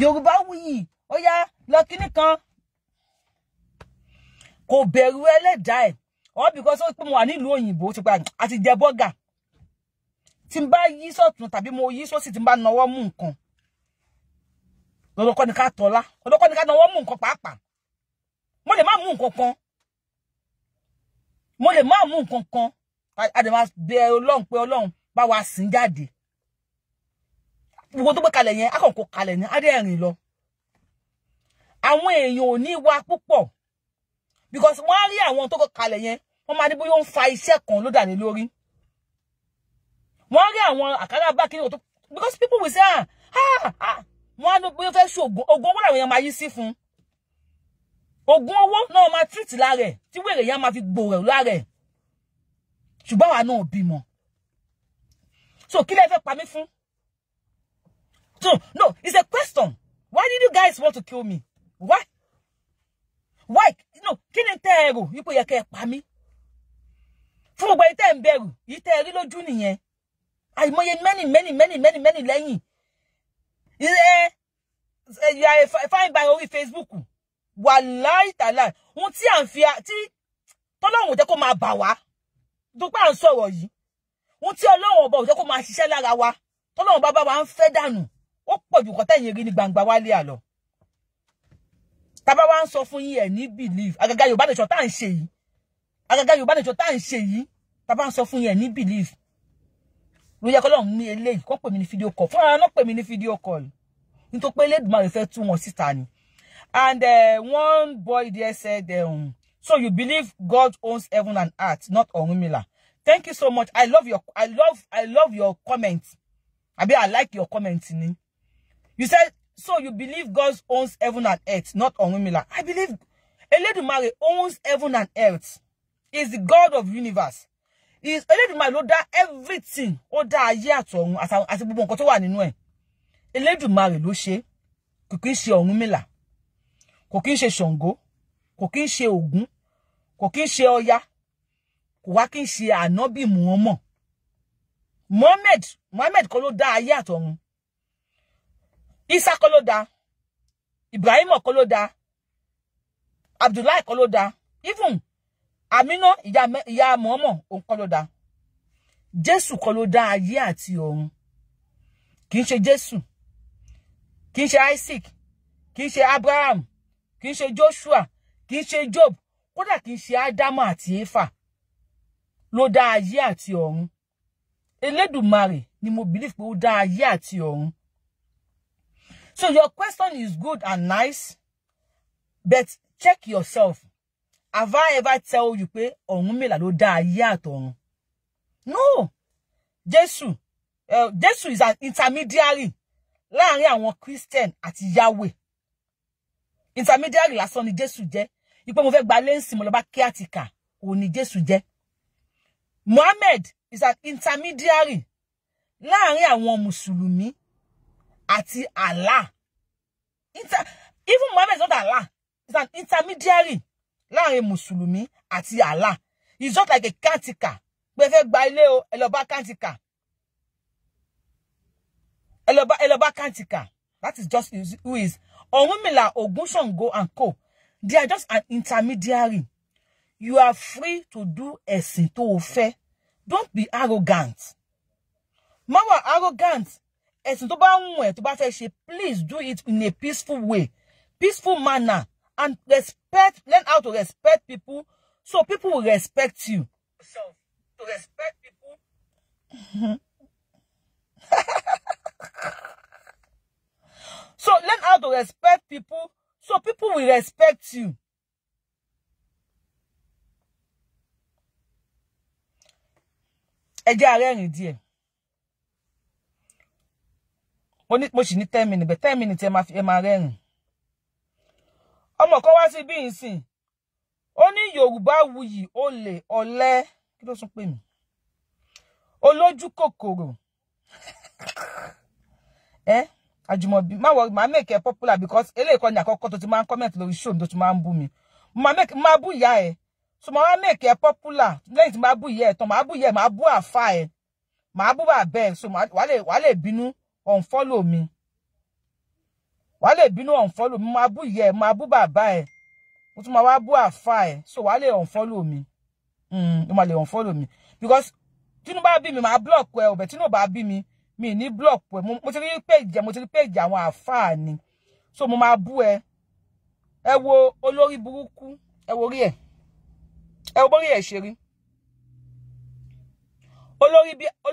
yorùbá wuyì ó yá lọ kínní kan kò bẹ̀rù ẹlẹ́dàá ẹ̀ ọ́ bìkọ́ sọ pé mo wà nílùú òyìnbó ti pa àti jẹ bọ́gà tí n bá yí sọ̀tún mo yí sósì tí n bá nawọ́ mú nǹkan lọ́dọ́kọ́ ni ká tọ́lá lọ́dọ́kọ́ ni ká nawọ́ mú nǹkan pàápàá mo lè má mú nǹkan kan mo lè má mú nǹkan kan a dẹ̀ máa bẹ ọlọ́run pé ọlọ́run bá wa sìn jáde gbogbo tó gbé kalẹ̀ yẹn akọ̀kọ̀ kalẹ̀ ní adẹ́rìn lọ àwọn èèyàn ò ní wa púpọ̀ because wọ́n á rí àwọn tó kọ kalẹ̀ yẹn wọ́n máa ní bóyá ó ń fa iṣẹ́ kan ló dà ní lórí wọ́n á rí àwọn àkàrà bá kí because people will say ah ah ah wọ́n á ní bóyá fẹ́ ṣe ògùn ògùn owó làwọn èèyàn máa yí sí fún ògùn owó náà máa tírìtì lára ẹ̀ tí fi gbòòrò lára ẹ̀ ṣùgbọ́n àwa náà bímọ so kí lẹ fẹ́ pa mí fún so no it's a question why did you guys want to kill me why why no kí ni tẹ́ ẹ rò yípo yẹ kẹ́ ẹ pa mí fún gbogbo ìtẹ́ ń bẹ̀rù yìí tẹ́ ẹ rí lójú nìyẹn àìmọye many many many many many lẹ́yìn ilé ẹ̀yà fine by orí Facebook wà láìtàlà ohun tí à ń fi tí tọ́lọ́run jẹ́ kó máa bà wá dúpẹ́ à ń yi yìí ohun tí ọlọ́run ọba òjò kó lara wa tọ́lọ́run bá wa n fẹ́ dànù o pọ jù kọ́tà ìyẹn rí ní gbangba wálé wa n so belief agaga yoruba nìṣọ́ tá n se yi yìí àgàgà yorùbá nìṣọ́ tá à yi belief eléyìí pe mi ní ní síta ni and uh, one boy there said um, So you believe God owns heaven and earth, not Orunmila. Thank you so much. I love your I love I love your comments. I mean, I like your comments. You said so you believe God owns heaven and earth, not Orunmila. I believe Mare owns heaven and earth. He's the God of universe. He's Eledumare ló dá everything. Ó dá ayé àtọ̀run àti gbogbo nǹkan tó wà nínú ẹ̀. Eledumare ló ṣe. Kò kìí ṣe Orunmila. Kò kìí ṣe Ṣàngó. Kò kìí kò kí ń ṣe ọya kò wá kí ń ṣe ànábì muhammad mohammed mohammed kọ́ ló dá ayé àtọ̀run isa kọ́ ló dá ibrahim kọ́ ló dá abdullahi kọ́ ló dá even amina ìyá ìyá muhammad òun kọ́ ló dá jésù kọ́ ló dá ayé àti ọ̀run kì í ṣe jésù kì í ṣe isaac kì í ṣe abraham kì í ṣe joshua kì í ṣe job kódà kì í ṣe ádámù àti éfà ló dá ayé àti ọ̀run elédùmarè ni mo believe pé ó dá ayé àti ọ̀run so your question is good and nice but check yourself have I ever tell you pé Ọ̀rúnmìlà ló dá ayé àtọ̀run no Jésù uh, Jésù is an intermediary láàrin àwọn Christian àti Yahweh intermediary lásán ni Jésù jẹ́ ipe mo fẹ́ gba lẹ́ǹsì mo lọ bá kíátìkà òní Jésù jẹ́ Mohammed is an intermediary láàrin àwọn mùsùlùmí Ati Allah Inter even Mohammed is not Allah he is an intermediary láàrin mùsùlùmí Ati Allah he is just like a kántíkà pé fẹ́ gba ilé o ẹ lọ bá kántíkà ẹ lọ bá kántíkà that is just who is Ọ̀rúnmìlà Ògún Ṣàngó and cope. They are just an intermediary. You are free to do a tó o fẹ́. Don't be arrogant. Mama, arrogant. Ẹ̀sìn tó bá wù ẹ́ tó bá fẹ́ please do it in a peaceful way, peaceful manner and respect learn how to respect people so people will respect you. So to respect people. so learn how to respect people So people will respect you. Ẹ jẹ́ arẹ́rìn díẹ̀. Mo ní mo sì ní ten minutes bẹ́ẹ̀ ten minutes ẹ máa fi ẹ máa rẹ́rìn. Ọmọ kan wá sí bí ìsìn. Ó ní Yorùbáwuyì olè ọ̀lẹ kí ló tún pè mí? Olójú eh? àjùmọ̀bí má wọ má make ẹ popular because eléyìí kọ́ ni àkọ́kọ́ tó ti máa comment lórí show tó ti máa ń mi má make má bú ìyá ẹ so má make ẹ popular lẹ́yìn tí má bú ìyá ẹ tán má bú ìyá ẹ má bú àfa ẹ má bú bàbá ẹ so wàá lè wàá lè bínú unfollow mi wàá lè bínú unfollow mi má bú ìyá ẹ má bú bàbá ẹ mo tún máa wá bú àfa ẹ so wàá lè unfollow mi mm, mo máa lè unfollow mi because tinubu bá bí mi má block ẹ ọbẹ tinubu bá bí mi mi ní block ẹ mo ti rí page mo ti rí page àwọn àáfàá ni so mo máa bú ẹ ẹ wo olórí burúkú ẹ wo orí ẹ ẹ wo bórí ẹ ṣe rí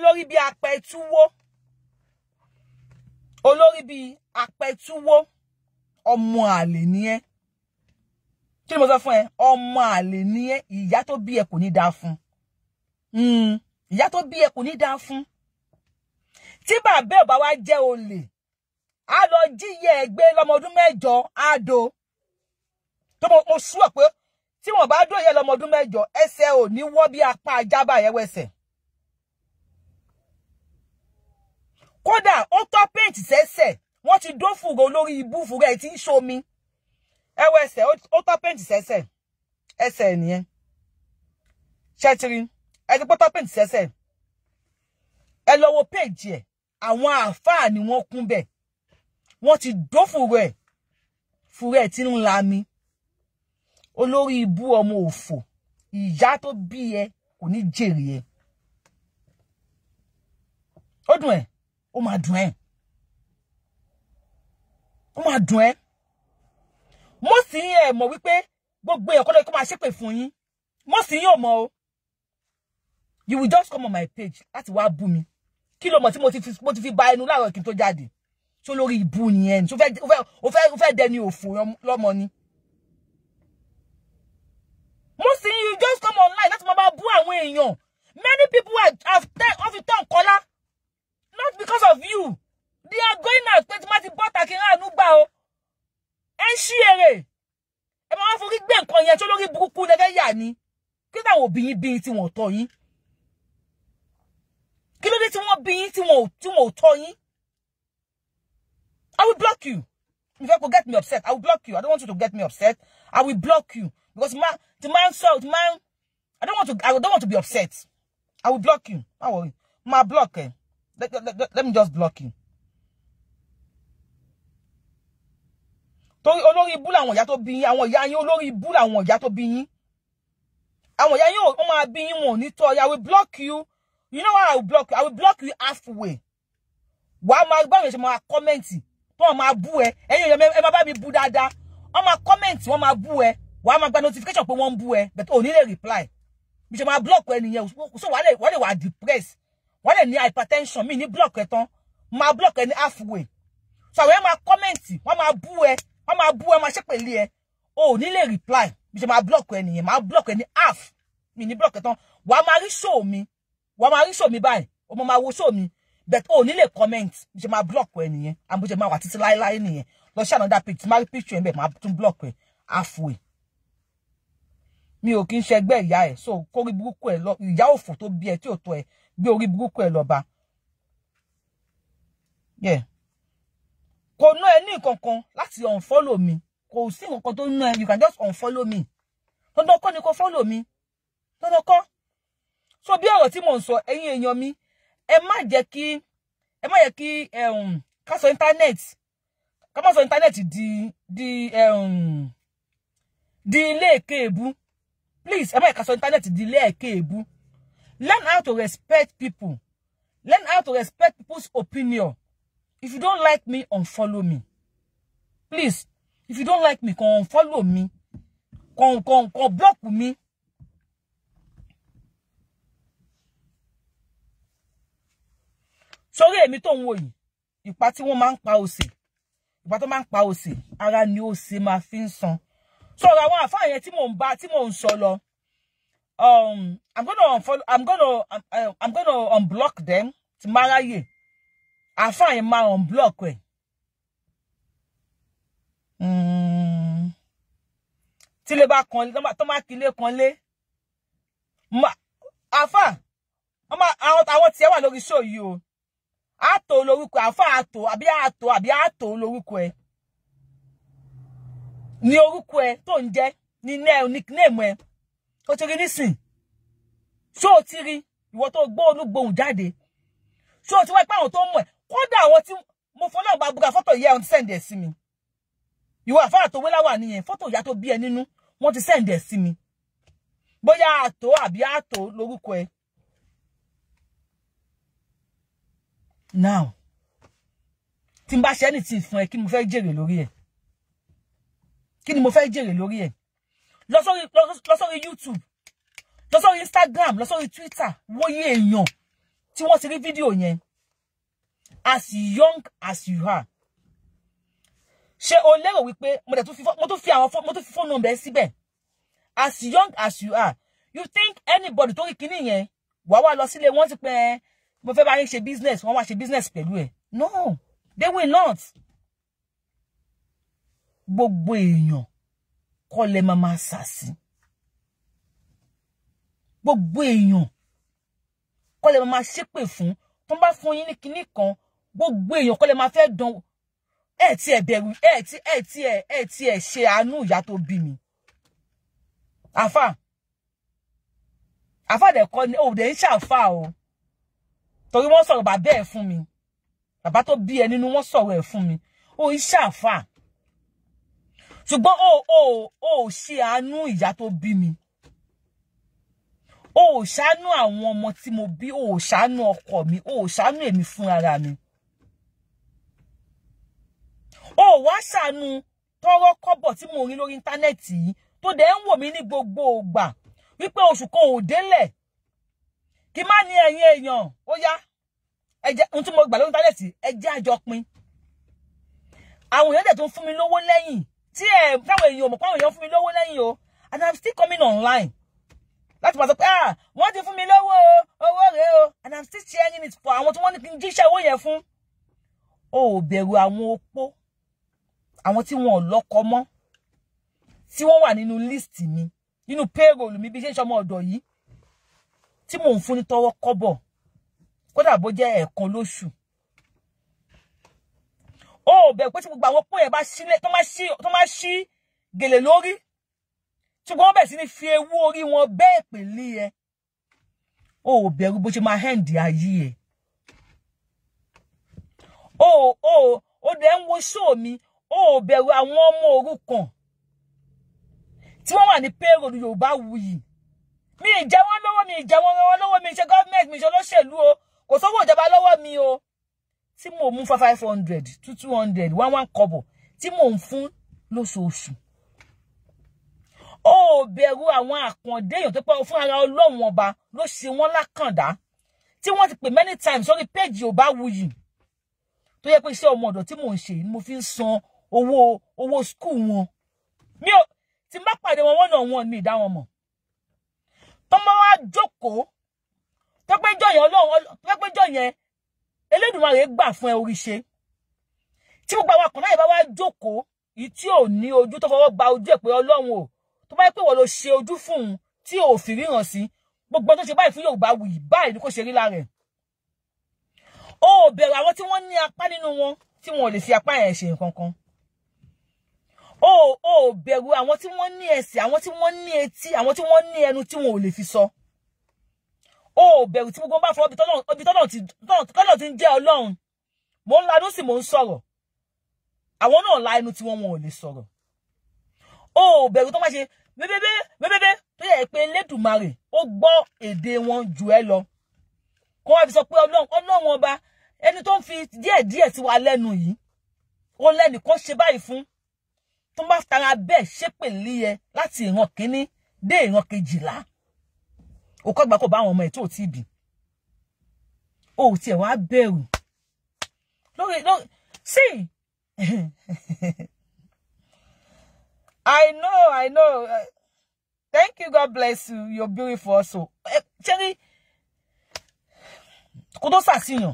olórí bí apẹtúwó olórí bí apẹtúwó ọmọ àlè ni ẹ kí ni mo sọ fún ẹ ọmọ àlè ni ẹ ìyá tó bí ẹ kò ní dáa fún hmm. ìyá tó bí ẹ kò ní dáa fún tí bàbá ò bá wá jẹ́ olè á lọ jíyẹ ẹgbẹ́ lọ́mọ ọdún mẹ́jọ á do tó mo mo súwọ̀ pé tí wọ́n bá dóye lọ́mọ ọdún mẹ́jọ ẹsẹ̀ ò ní wọ́ bí apá ajábà yẹn wẹsẹ̀. kódà ó tọ́ paint sẹ́sẹ̀ wọ́n ti dó fùrọ̀ lórí ibú fùrọ̀ ẹ̀ tí ń ṣomi ẹwọ ó tọ́ paint sẹ́sẹ̀ ẹsẹ̀ nìyẹn ṣẹ́tìrín ẹ ti pọ́ tọ́ paint sẹ́sẹ̀ ẹ lọ wo page yẹn àwọn àáfàá ni wọ́n kún bẹ̀ wọ́n ti dó fùrẹ̀ fùrẹ̀ tí ń la mi olórí ibú ọmọ òfò ìyá tó bí ẹ kò ní jèrè ẹ ó dùn ẹ ó máa dùn ẹ ó máa dùn ẹ mo sì ń ẹ mọ̀ wípé gbogbo èèyàn kọ́lọ́ kó máa ṣépè fún yín mo sì ń yóò mọ̀ o you will just come on my page láti wá bú mi kí ló mọ̀ tí mo ti fi ba ẹnu láàárọ̀ kí n tó jáde tó lórí ìbú nìyẹn tó fẹ́ dẹni òfò lọ́mọ ni. most in you just come online láti máa bá bú àwọn èèyàn many people have fi tán kọ́lá not because of you they are going out pé tí wọ́n ti bọ́ takira àánú gbà o ẹ ń ṣí èrè ẹ máa wá forí gbé nǹkan yẹn tó lórí burúkú lẹ́gẹ́ yà ni kí táwọn òbí yín bí yín tí yín kí ló dé tí wọ́n bí yín tí wọ́n ò tí wọ́n ò tọ́ yín i will block you if you go get me upset i will block you i don't want you to get me upset i will block you because ma ti ma n sọ ti i don't want to i don't want to be upset i will block you ma worry ma block ẹ let, let, let, let me just block you. torí olórí ibú làwọn ìyá tó bí yín àwọn ìyá yín olórí ibú làwọn ìyá tó bí yín àwọn ìyá yín ò máa bí yín wọn ò ní tọ́ ya we block you you know why i will block you i will block you halfway wà my máa báwo ṣe máa kọ́mẹ̀ntì tó wọn máa bú ẹ ẹ̀yin èèyàn ẹ máa bá mi bú dáadáa wọn máa kọ́mẹ̀ntì wọn máa notification pé wọ́n ń bú but only ní reply Because my block when nìyẹn so why they why they were depressed Why they lè hypertension Me, ní block ẹ tán My block ẹ halfway so when ẹ máa kọ́mẹ̀ntì wọ́n máa bú ẹ wọ́n my bú ẹ máa ṣépèlé ẹ ò ní reply Because my block when nìyẹn My block ẹ half Me, ní block ẹ tán Why á show me? wàá máa rí show mi báyìí o mo máa wo show mi but o ni le comment mo ṣe máa block ẹ nìyẹn àmọ́ ṣe máa wà títí láéláé nìyẹn lọ ṣe another page tí máa rí picture ẹ bẹ́ẹ̀ ma tún block ẹ àfòè mi ò kí ń ṣẹgbẹ́ ìyá ẹ̀ so kó rí lo ẹ̀ lọ ìyá òfò tó bí ẹ tí ò tó ẹ gbé orí burúkú ẹ̀ lọ́ba kò ná ẹ ní nǹkan kan láti unfollow mi kò sí nǹkan tó ná you can just unfollow me dandan kọ́ ni kò follow mi dandan kọ́ so bí ọ̀rọ̀ tí mò ń sọ ẹ̀yin èèyàn mi ẹ má jẹ́ kí ẹ má jẹ́ kí um, ká sọ internet ká má sọ internet di di um, di ilé èké please ẹ má jẹ́ ká sọ internet di ilé èké learn how to respect people learn how to respect people's opinion if you don't like me unfollow me please if you don't like me kàn unfollow me kàn kàn kàn block me sórí èmi tó ń wò yìí ìpa tí wọ́n máa ń pa òsè ìpa tó máa ń pa òsè ara ni òsè máa fi ń san sọ̀rọ̀ àwọn àfáà yẹn tí mò ń bá tí mò ń sọ lọ um i'm gonna unfollow i'm gonna um, i'm gonna unblock them tí máa ráyè àfáà yẹn máa unblock ẹ̀ hmm. tí lè bá kan tó máa kí ilé kan lé àfáà àwọn tiẹ̀ wà lórí show yìí o àtò lórúkọ àfa àtò àbí àtò àbí àtò lórúkọ ẹ ní orúkọ ẹ tó ń jẹ ní nickname ẹ ó ti rí nísìn ṣó o ti rí ìwọ tó gbọ́ olúgbòhùn jáde ṣó o ti wáyé pé àwọn tó mọ̀ ẹ́ kódà àwọn tí mo fọlọ́ ọba buga fọ́tò ìyá ẹ̀ wọ́n ti sẹ́ǹdẹ̀ sí mi ìwọ àfáà tó wéláwà nìyẹn fọ́tò ìyá tó bí ẹ nínú wọ́n ti sẹ́ǹdẹ̀ sí mi bóyá àtò àbí àtò lórúkọ ẹ now tí n bá ṣe anything fún ẹ mo fẹ́ jèrè lórí ẹ kí ni mo fẹ́ jèrè lórí ẹ lọ sórí lọ sórí youtube lọ sórí instagram lọ sórí twitter wòye èèyàn tí wọ́n ti rí fídíò yẹn as young as you are ṣé o lérò wípé mo dẹ̀ tún fi mo tún fi àwọn mo tún fi fóònù nọ́mbà ẹ as young as you are you think anybody tó rí kinní yẹn wàá wá lọ sílé wọ́n ti pẹ́ mo fẹ́ bá yín ṣe business wọ́n wá ṣe business pẹ̀lú ẹ̀ no they will not gbogbo èèyàn kọ́ lẹ máa máa sàsí gbogbo èèyàn kọ́ lẹ máa máa ṣépè fún tó ń bá fún yín ní kinní kan gbogbo èèyàn kọ́ lẹ máa fẹ́ dán ẹ̀ tí ẹ̀ bẹ̀rù ẹ̀ ti ẹ̀ tí ẹ̀ ẹ̀ tí ẹ̀ ṣe àánú ìyá tó bí mi àfà àfà dẹ̀ kọ́ ni òde ń ṣàfà o. Oh, torí wọ́n sọ̀rọ̀ bàbá ẹ̀ fún mi bàbá tó bí ẹ nínú wọ́n sọ̀rọ̀ ẹ̀ fún mi ó iṣẹ́ àfà ṣùgbọ́n ó ó ó ṣe àánú ìyá tó bí mi ó ṣàánú àwọn ọmọ tí mo bí ó ṣàánú ọkọ mi ó ṣàánú èmi fúnra mi ó wá ṣàánú tọrọ kọ́bọ̀ tí mo rí lórí íńtánẹ́ẹ̀tì yìí tó dẹ̀ ń wò mí ní gbogbo ògbà wípé oṣù kan ò délẹ̀ kí má ní ẹ̀yin èèyàn ó yá ẹ jẹ́ ohun tí mo gbà lórí íńtánẹ́ẹ̀tì ẹ jẹ́ àwọn èèyàn dẹ̀ tó ń fún mi lówó lẹ́yìn tí ẹ táwọn èèyàn mọ̀ pé èèyàn fún mi lówó lẹ́yìn o and i'm still coming online láti máa sọ pé ah wọ́n ti fún mi lówó o owó rèé o and i'm still sharing it for àwọn tí wọ́n ní kí n jíṣẹ́ owó yẹn fún o ò bẹ̀rù àwọn opó àwọn tí wọn ò lọ́kọ mọ́ tí wọ́n wà nínú list mi nínú payroll mi bí ṣe ń ọ̀dọ̀ yìí tí mò ń fún ní tọwọ́ kọ́bọ̀ kódà bó jẹ́ ẹ̀ẹ̀kan lóṣù ó bẹ̀ pé tí gbogbo àwọn pọ́n yẹn bá sílẹ̀ tó máa ṣí gèlè lórí ṣùgbọ́n wọ́n bẹ̀ sí fi ewú orí wọn bẹ́ẹ̀ pè lé ẹ ó bẹ̀rù bó ṣe máa hẹ́ǹdì ayé ẹ ó ó ó dẹ̀ ń wo ṣóò mi ó bẹ̀rù àwọn ọmọ òrukàn tí wọ́n wà ní payroll Yorùbá wuyì mi ì jẹ wọ́n lọ́wọ́ mi ì jẹ wọ́n lọ́wọ́ lọ́wọ́ mi ṣe gọ́ọ̀mẹ̀ntì mi ṣe olóṣèlú o kò sówó ìjọba lọ́wọ́ mi o tí mò ń mú fa five hundred two two hundred one one kọ́bọ̀ tí mò ń fún lóṣooṣù ó bẹ̀rù àwọn àkàndé èèyàn tó pẹ́ fún ara ọlọ́run ọba ló ṣe wọ́n lákàndá tí wọ́n ti pè many times sórí péjì Òbáwuyì tó yẹ pé iṣẹ́ ọmọ ọ̀dọ̀ tí mò ń ṣe mo fi ń san owó owó skul wọn mi ò tí n bá pàdé wọn wọ́n náà wọn mi ìdá wọn mọ̀ tọ́mọ wá jókòó tó pé jọ yẹn ọlọ́run tó pé jọ yẹn Elédùmarè gbà fún ẹ orí ṣe tí gbogbo àwọn àkànná yẹn bá wá jókòó yìí tí ò ní ojú tó fọwọ́ gba ojú ẹ̀ pé ọlọ́run o tó bá yẹ pé wọ́n lọ ṣe ojú fún un tí ò fi ríran sí gbogbo tó ṣe báyìí fún Yorùbá wù yìí báyìí ni kò ṣe rí lára ẹ̀ ó bẹ̀rù àwọn tí wọ́n ní apá nínú wọn tí wọn ò lè fi apá yẹn ṣe nǹkan kan o ò bẹ̀rù àwọn tí wọ́n ní ẹsẹ̀ àwọn tí wọ́n ní etí àwọn tí wọ́n ní ẹnu tí wọn ò lè fi sọ o ò bẹ̀rù tí gbogbo bá fọwọ́ ibi tọ́nà ti ń jẹ́ ọlọ́run mò ń lanú sí mò ń sọ̀rọ̀ àwọn náà la ẹnu tí wọ́n wọn ò lè sọ̀rọ̀ o ò bẹ̀rù tó máa ṣe bébébé bébébé tó yẹ pé Elédùmarè ó gbọ́ èdè wọn jù ẹ́ lọ kó wá fi sọ pé ọlọ́run ọlọ́run ọba ẹni tó ń fi díẹ̀díẹ̀ sí wa lẹ́nu yìí ó lẹ́nìkan ṣe báyìí fún tó bá tara bẹ́ẹ̀ ṣépè lé ẹ láti ìran kínní dé ìran kejìlá òkú àgbà kò bá àwọn ọmọ ẹ̀ tó ò tíì bì ó tiẹ̀ wá bẹ̀rù lórí lórí sí. I know, I know. Uh, thank you, God bless you. You're beautiful so. Ṣé kó tó ṣàṣìyàn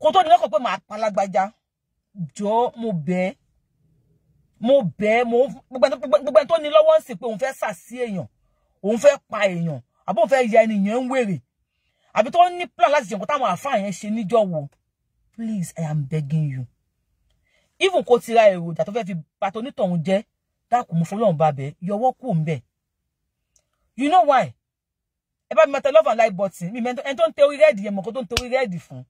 kó tó ní lọ́kàn pé màá pa jọ mo bẹ́ẹ̀ mo bẹ́ẹ̀ mo gbogbo ẹni tó ní lọ́wọ́ ń sìn pé òun fẹ́ sà sí èèyàn òun fẹ́ pa èèyàn àbí òun fẹ́ ya ènìyàn ń wèrè àbí tó ní plan láti ṣe nǹkan táwọn àáfàá yẹn ṣe níjọ́ wo please i am begging you even kò ti ra èròjà tó fẹ́ fi pàtó onítọ̀hún jẹ́ dákun mo fọlọ́run bá bẹ́ẹ̀ yọwọ́ kù ń bẹ̀ you know why ẹ bá mi máa tẹ love and like button mi mẹ́tọ́ ẹni tó ń tẹ orí rẹ́ẹ̀dì yẹn mọ̀kọ́ tó ń tẹ orí rẹ́ẹ̀dì fún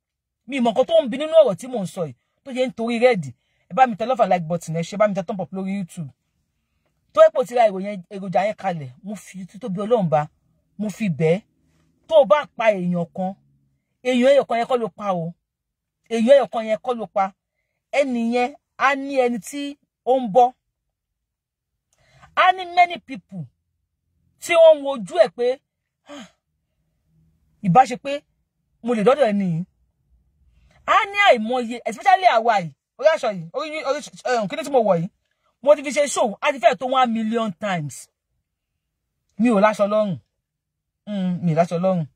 mi mọ̀kọ́ tó ń bi nínú ọ̀rọ̀ tí mò ń sọ yìí tó yẹ ń torí rẹ́ẹ̀dì ẹ bá mi tẹ love and like button ẹ ṣe bá mi tẹ thumb lórí youtube tó epo ti ra ìròyìn èròjà yẹn kalẹ̀ mo fi títóbi ọlọ́run ba mo fi bẹ́ẹ̀ tó o bá pa èèyàn kan èèyàn ẹyọ kan yẹn kọ́ ló pa o èèyàn ẹyọ kan yẹn kọ́ ló pa ẹni yẹn á ní ẹni tí ó ń bọ́ á ní many people tí wọ́n ń wojú ẹ̀ pé ah, ìbáṣe pé mo lè dọ́dọ̀ ẹni yìí á ní àìmọye especially àwa yìí orí aṣọ yìí orí orí eh, kíní tí mo wọ̀ yìí mo ti fi ṣe show á ti fẹ́ tó one million times mi ò láṣọ lọ́rùn hmm, mi ò láṣọ lọ́rùn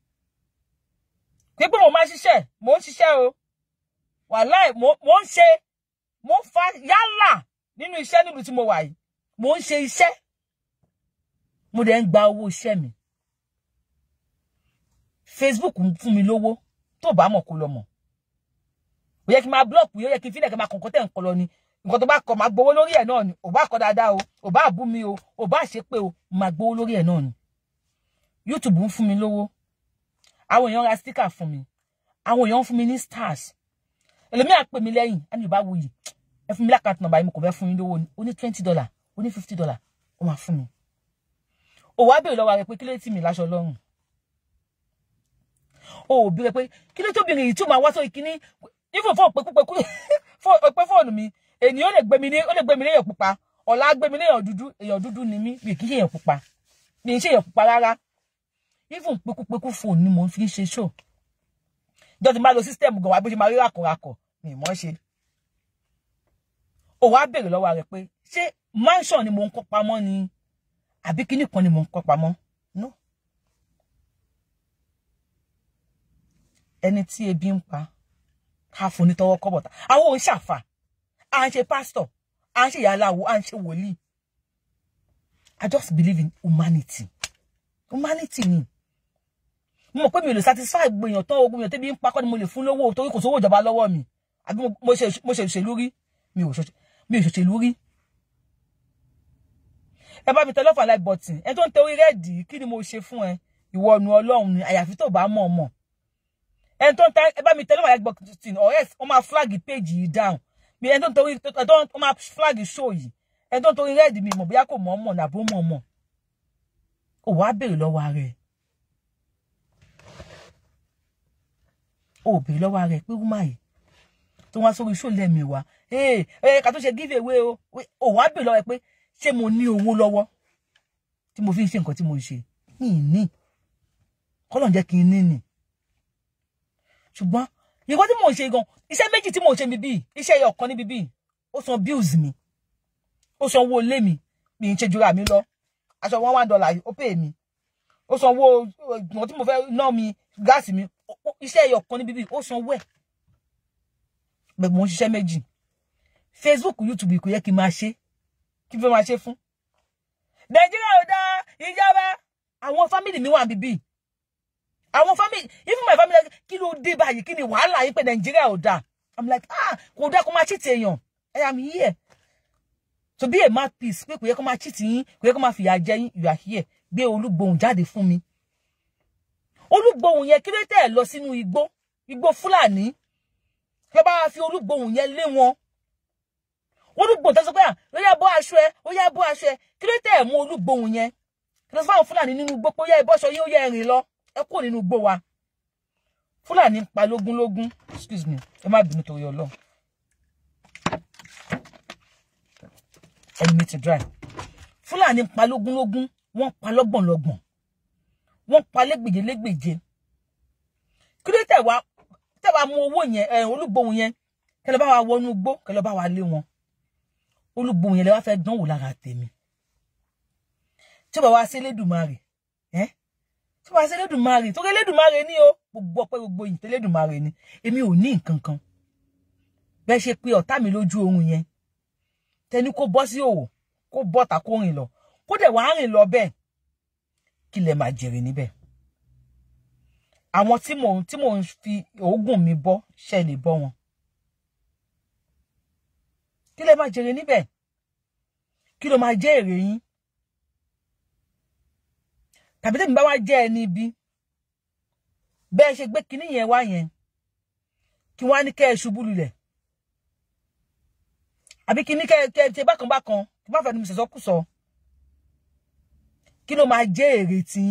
pé pé mo máa ṣiṣẹ́ mo ń ṣiṣẹ́ o wàláì mo ń ṣe mo ń fa yálà nínú iṣẹ́ nílùú tí mo wà yìí mo ń ṣe iṣẹ́ mo dẹ̀ ń gba owó iṣẹ́ mi Facebook ń fún mi lówó tó bá mọ̀ kó lọ mọ̀ ó yẹ kí n máa block yìí ó yẹ kí n fílẹ̀ kí n máa kọ̀ nǹkan tẹ̀ ń kọ lọ ni nǹkan tó bá kọ máa gbowó lórí ẹ̀ náà ni ò bá kọ dáadáa o ò bá bú mi o ò bá ṣe pé o máa gbowó lórí ẹ̀ náà ni YouTube ń fún mi lówó àwọn èèyàn ra sticker fún mi àwọn èèyàn ń fún mi ní stars ẹlòmíà pè mí lẹ́yìn ẹni ìbá wuyì ẹ fún mi lákàtà nọ́mbà yìí mo kò fẹ́ fún yín lówó ni ó ní twenty dollar ó ní fifty dollar ó máa fún mi ò wá béèrè lọ́wọ́ rẹ pé kí ló tì mí láṣọ lọ́rùn o ò béèrè pé kí ló tóbi rèé tí ó máa wá sórí kínní ifo fọ pẹkúpẹkú pé fóònù mi ènìyàn ó lè gbé mi ní ó lè gbé mi léèyàn pupa ọ̀la gbé mi léèyàn dúdú èèyàn dúdú ni mí mi kì í ṣe èèyàn pupa mi ṣe èèyàn pupa rárá ifo pẹkúpẹkú fóònù ni mò ń fi ṣe ṣó jọ ti máa lo sísítẹ́ẹ̀mù gan wa bó ṣe máa rí ràkọ̀ràkọ̀ mi mọ́ ṣe ó wá béèrè lọ́wọ́ rẹ̀ pé ṣé mansion ni mò ń kọ́ pamọ́ ni àbí kíní kan ni mò ń kọ́ pamọ́ no ẹni tí ebi ń pa ká fún ní tọwọ́ kọ́bọ̀tà àwọn òun ṣàfà à ń ṣe pásítọ̀ à ń ṣe ìyá aláwo à ń ṣe wòlíì I just believe in humanity humanity ni mo mọ̀ pé mi ò lè satisfy gbèyàn tán ogun èèyàn tẹ́bi ń pakọ́ ni mo lè fún lówó torí kò sówó ìjọba lọ́wọ́ mi àbí mo ṣe òṣèlú rí mi ò ṣòṣèlú rí ẹ bá mi tẹ lọ́fà láì bọ̀tì ẹ tó ń tẹ orí rẹ́ẹ̀dì kí ni mo ṣe fún ẹ ìwọ ọ̀nù ọlọ́run ni àyàfi tó bá mọ̀ ọmọ And don't tell. ta ẹ bá mi tẹlẹ wà láti or else ó my flag page you down Me and don't tell you. ẹ tó ń máa flag show yìí ẹni tó ń torí red mi mọ̀ bóyá kò mọ̀ mọ̀ nàbó mọ̀ mọ̀ ó wàá béèrè lọ́wọ́ ara ẹ̀ ó béèrè lọ́wọ́ ara ẹ̀ pé wúmà yìí tó Me, sórí Hey, hey. wa ẹ ẹ give away Oh, oh. What béèrè lọ́wọ́ ẹ pé ṣé mo ní owó lọ́wọ́ tí mo fi ń ṣe nǹkan tí mo ń ṣe mi ì ní kọ́lọ̀ jẹ́ kí n ní ṣùgbọ́n nǹkan tí mò ń ṣe gan iṣẹ́ méjì tí mò ń ṣe mi bíi iṣẹ́ ẹyọ kan níbi bíi ó san bills mi ó san owó ilé mi mi ń ṣe jura mi lọ aṣọ one one dollar ó pè mí ó san owó ìgbọ̀n tí mo fẹ́ ná mi gáàsì mi iṣẹ́ ẹyọ kan níbi bíi ó san owó ẹ̀ bẹ̀rẹ̀ ṣiṣẹ́ méjì Facebook YouTube kò yẹ kí n máa ṣe kí n fẹ́ máa ṣe fún nàìjíríà ò dáa ìjọba àwọn fámìlì mi wà bíbí àwọn family even my family kí ló dé báyìí kí ni wàhálà yìí pé nàìjíríà ò dáa i'm like ah kò dáa kó máa cheat èèyàn i am here to be a mouthpiece pé kò yẹ kó máa cheat yín kò yẹ kó máa fìyà jẹ yín you are here gbé olúgbòhùn jáde fún mi olúgbòhùn yẹn kí ló tẹ̀ lọ sínú igbó igbó fúlàní kí ló bá fi olúgbòhùn yẹn lé wọn olúgbòhùn tó sọ pé ah, ó yá bọ́ aṣọ ẹ ó yá bọ́ aṣọ ẹ kí ló tẹ̀ mú olúgbòhùn yẹn kí ló fún àwọn fúlàní nínú igbó pé ó yá ìbọ́ṣọ yín ó yá ẹ̀rìn lọ ẹ kúrò nínú igbó wa fúlàní ń pa lógún lógún excuse me ẹ má bínú torí ọlọ́run ẹ̀mí ti dry fúlàní ń pa lógún lógún wọ́n pa lọ́gbọ̀n lọ́gbọ̀n wọ́n pa lẹ́gbèje lẹ́gbèje kí ló tẹ̀wá tẹ̀wá mú owó yẹn ẹ̀ olúgbòhùn yẹn kẹlẹ́ bá wa wọnú igbó kẹlẹ́ bá wa lé wọn olúgbòhùn yẹn lẹ́wọ́ fẹ́ dánwò lára tèmi tí ó bá wá sí Elédùmarè ẹ́ tí wàá ṣe Elédùmarè torí Elédùmarè ni o gbogbo ọpẹ́ gbogbo ìyìn tẹlẹdùmarè ni èmi ò ní nǹkan kan bẹ ṣe pé ọ̀tá mi lójú oorun yẹn tẹni kó bọ́ sí òwò kó bọ́ta kó rìn lọ kó dẹ̀ wàá rìn lọ bẹ́ẹ̀ kí lẹ máa jèrè níbẹ̀ àwọn tí mò ń tí mò ń fi òógùn mi bọ́ ṣe lè bọ́ wọn kí lẹ máa jèrè níbẹ̀ kí ló máa jẹ́ èrè yín tàbí tèmi bá wá jẹ́ ẹni bí bẹ́ẹ̀ ṣe gbé kinní yẹn wá yẹn kí wọ́n á ní kẹ́ ẹ ṣubú lulẹ̀ àbí kinní kẹ́ ẹ ṣe bákan bákan kí wọ́n fẹ́ẹ́ nu sọ̀sọ́kùsọ kí ló máa jẹ́ èrè tí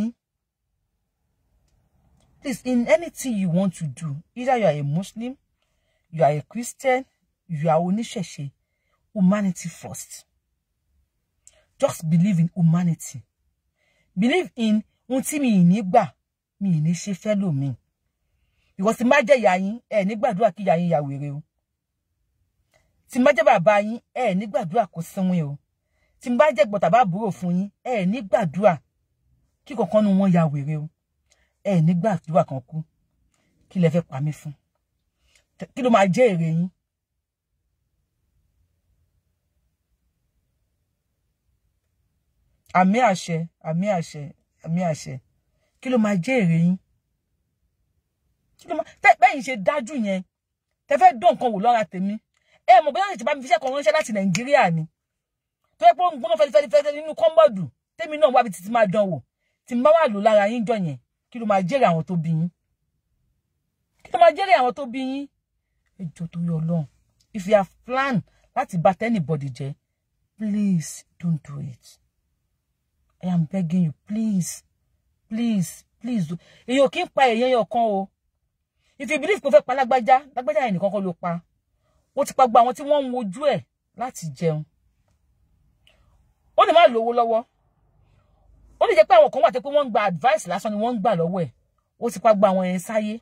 please in anything you want to do either you are a Muslim you are a Christian you are oníṣẹ̀ṣe humanity first just believe in humanity believe in ohun tí mi ì ní gbà mi ì ní ṣe fẹ́ lòmíì ìwọ sì má jẹ́ ìyá yín ẹ ní gbàdúrà kí ìyá yín ya wèrè o tí má jẹ́ bàbá yín ẹ ní gbàdúrà kó sínwín o tí má jẹ́ gbọ̀tà bá búrò fún yín ẹ ní gbàdúrà kí kankan nu wọn ya wèrè o ẹ ní gbàdúrà kan kú kí lẹ fẹ́ pa mí fún kí ló máa jẹ́ èrè yín àmì àṣẹ àmì àṣẹ àmì àṣẹ kí ló máa jẹ́ èrè yín kí ló máa tẹ́ bẹ́yìn ṣe dájú yẹn tẹ́ fẹ́ dán nǹkan wò lọ́ra tèmi ẹ mọ̀ bóyá ìjọba mi fi iṣẹ́ kan ránṣẹ́ láti nàìjíríà ni tó yẹ pé ó ń gbóná fẹ́lifẹ́lifẹ́ nínú kọ́ńbọ̀dù tèmi náà wábi títí máa dán wò tí n bá wà lò lára yín jọ yẹn kí ló máa jèrè àwọn tó bí yín kí ló máa jèrè àwọn tó bí yín ẹjọ́ tó yọ Ọlọ́run if you have plan láti bà tẹnibọdì jẹ́ please don't do it. I am begging you, please, please, please. Èyàn kì í pa èyàn If you believe kò fẹ́ pa lágbájá, lágbájá yẹn nìkan kọ́ ló pa. Ó ti pa gba àwọn tí wọ́n ń wojú ẹ̀ láti jẹun. Ó lè má lówó lọ́wọ́. Ó lè jẹ́ pé àwọn kan wà tó pé wọ́n ń advice lásán ni wọ́n ń gbà lọ́wọ́ ẹ̀. Ó ti pa gba àwọn yẹn sáyé.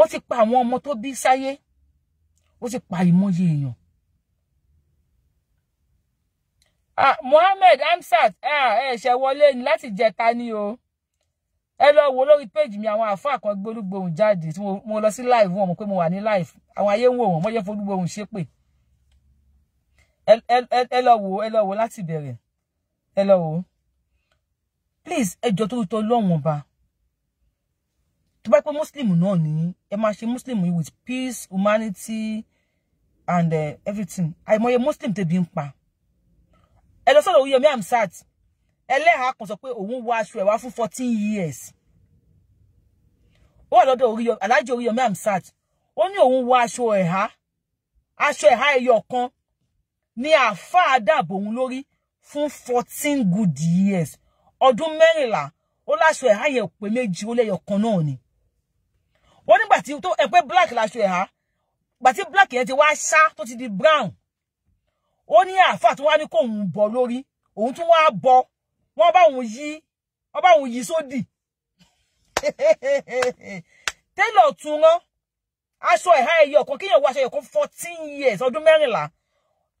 Ó ti pa àwọn ọmọ tó bí sáyé. Ó ah Mohammed Hamsat ah, ẹ ṣe wọlé ni láti jẹta ni o ẹ lọ wo lórí péjì mi àwọn àfáà kan gbólúgbohùn jáde tí mo lọ sí live wọn mọ̀ pé mo wà ní live àwọn ayé ń wò wọn mọjẹ fọlúgbohùn ṣépè ẹ lọ wo ẹ lọ wo láti bẹ̀rẹ̀ ẹ lọ wo please ẹ jọ tó tó lọ́wọ́n ba tó bá pẹ́ muslim náà ni. ẹ máa ṣe muslim with peace humanity and uh, everything àìmọye muslim tẹ̀bi ń pa ẹ lọ sọ́dọ̀ Oyeyomi Amsat ẹlẹ́hàá kan sọ pé òun wọ aṣọ ẹ̀wá fún fourteen years ó wà lọ́dọ̀ aláàjì Oyeyomi Amsat ó ní òun wọ aṣọ ẹ̀há aṣọ ẹ̀há ẹyọ kan ní àáfàá dàbò òun lórí fún fourteen good years ọdún mẹ́rìnlá ó láṣọ ẹ̀há yẹn pé méjì ó lẹ́yọ kan náà ni wọ́n nígbà tí tó ẹgbẹ́ black láṣọ ẹ̀há gbà black yẹn ti wá ṣá tó ti di brown ó ní àáfà tó wá ní kóun bọ lórí òun tún wá bọ wọn bá òun yí wọn bá òun yí sódì télọ̀ tún rán aṣọ ẹ̀há ẹyọ kan kíyàn wọ aṣọ ẹ̀yọ kan fourteen years ọdún mẹ́rìnlá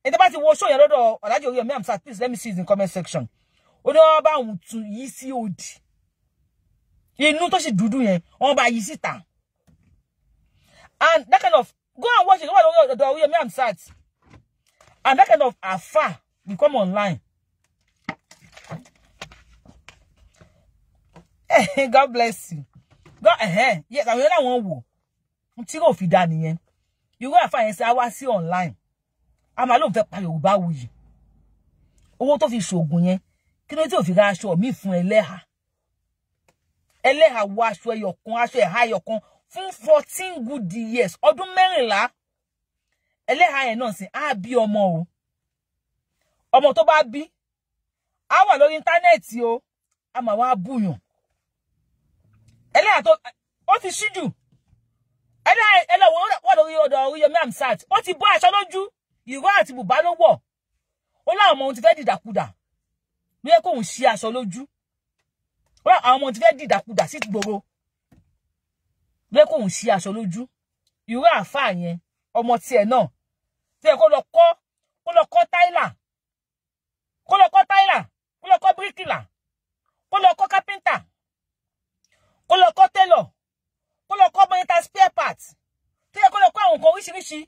ẹni bá ti wo ṣó yẹn lọ́dọ̀ ọ̀làjì orí ẹ̀mí àmì please let me see it in comment section ó ní wọn bá òun tún yí sí òdì inú tó sì dúdú yẹn wọn bá yí síta and that kind of go and watch it wọn lórí ọ̀dọ̀ orí ẹ̀mí àmì And that kind of affair will come online. Eh, God bless you. God, eh, eh. Yes, àwọn èèyàn wọn wò. Tí kò fi dá nìyẹn. Irú àfà find ṣe I wá see online. I'm A máa lóun fẹ́ pa what wuyì. you tó me? Can yẹn. do ló tí show? Me from aṣọ mi fún ẹlẹ́hà? your con. aṣọ ẹyọkan, aṣọ your con fún fourteen good years, Or ọdún mẹ́rìnlá ẹlẹ́ha yẹn náà sìn á bí ọmọ o ọmọ tó bá bí á wà lórí íńtánẹ́ẹ̀tì o a máa wá bùyàn ẹlẹ́ha tó ó ti ṣíjù ẹlẹ́ha ẹlẹ́wọ̀n wà lórí ọ̀dọ̀ Oríyọmí Hamzat ó ti bọ́ aṣọ lójú ìró àti bùbá ló wọ̀ ó láwọn ọmọ òun ti fẹ́ dìdàkudà ló yẹ kóun ṣe aṣọ lójú ó láwọn ọmọ òun ti fẹ́ dìdàkudà sí gbòòrò ló yẹ kóun ṣe aṣọ lójú ìró àáfàá yẹn ọmọ tiẹ̀ náà tí ẹ kó lọ kọ́ kó lọ kọ́ táìlà kó lọ kọ́ táìlà kó lọ kọ́ bíríkìlà kó lọ kọ́ kápẹ́ńtà kó lọ kọ́ tẹ́lọ̀ kó lọ kọ́ mọ́nítà spare part tó yẹ kó lọ kọ́ àwọn nǹkan oríṣiríṣi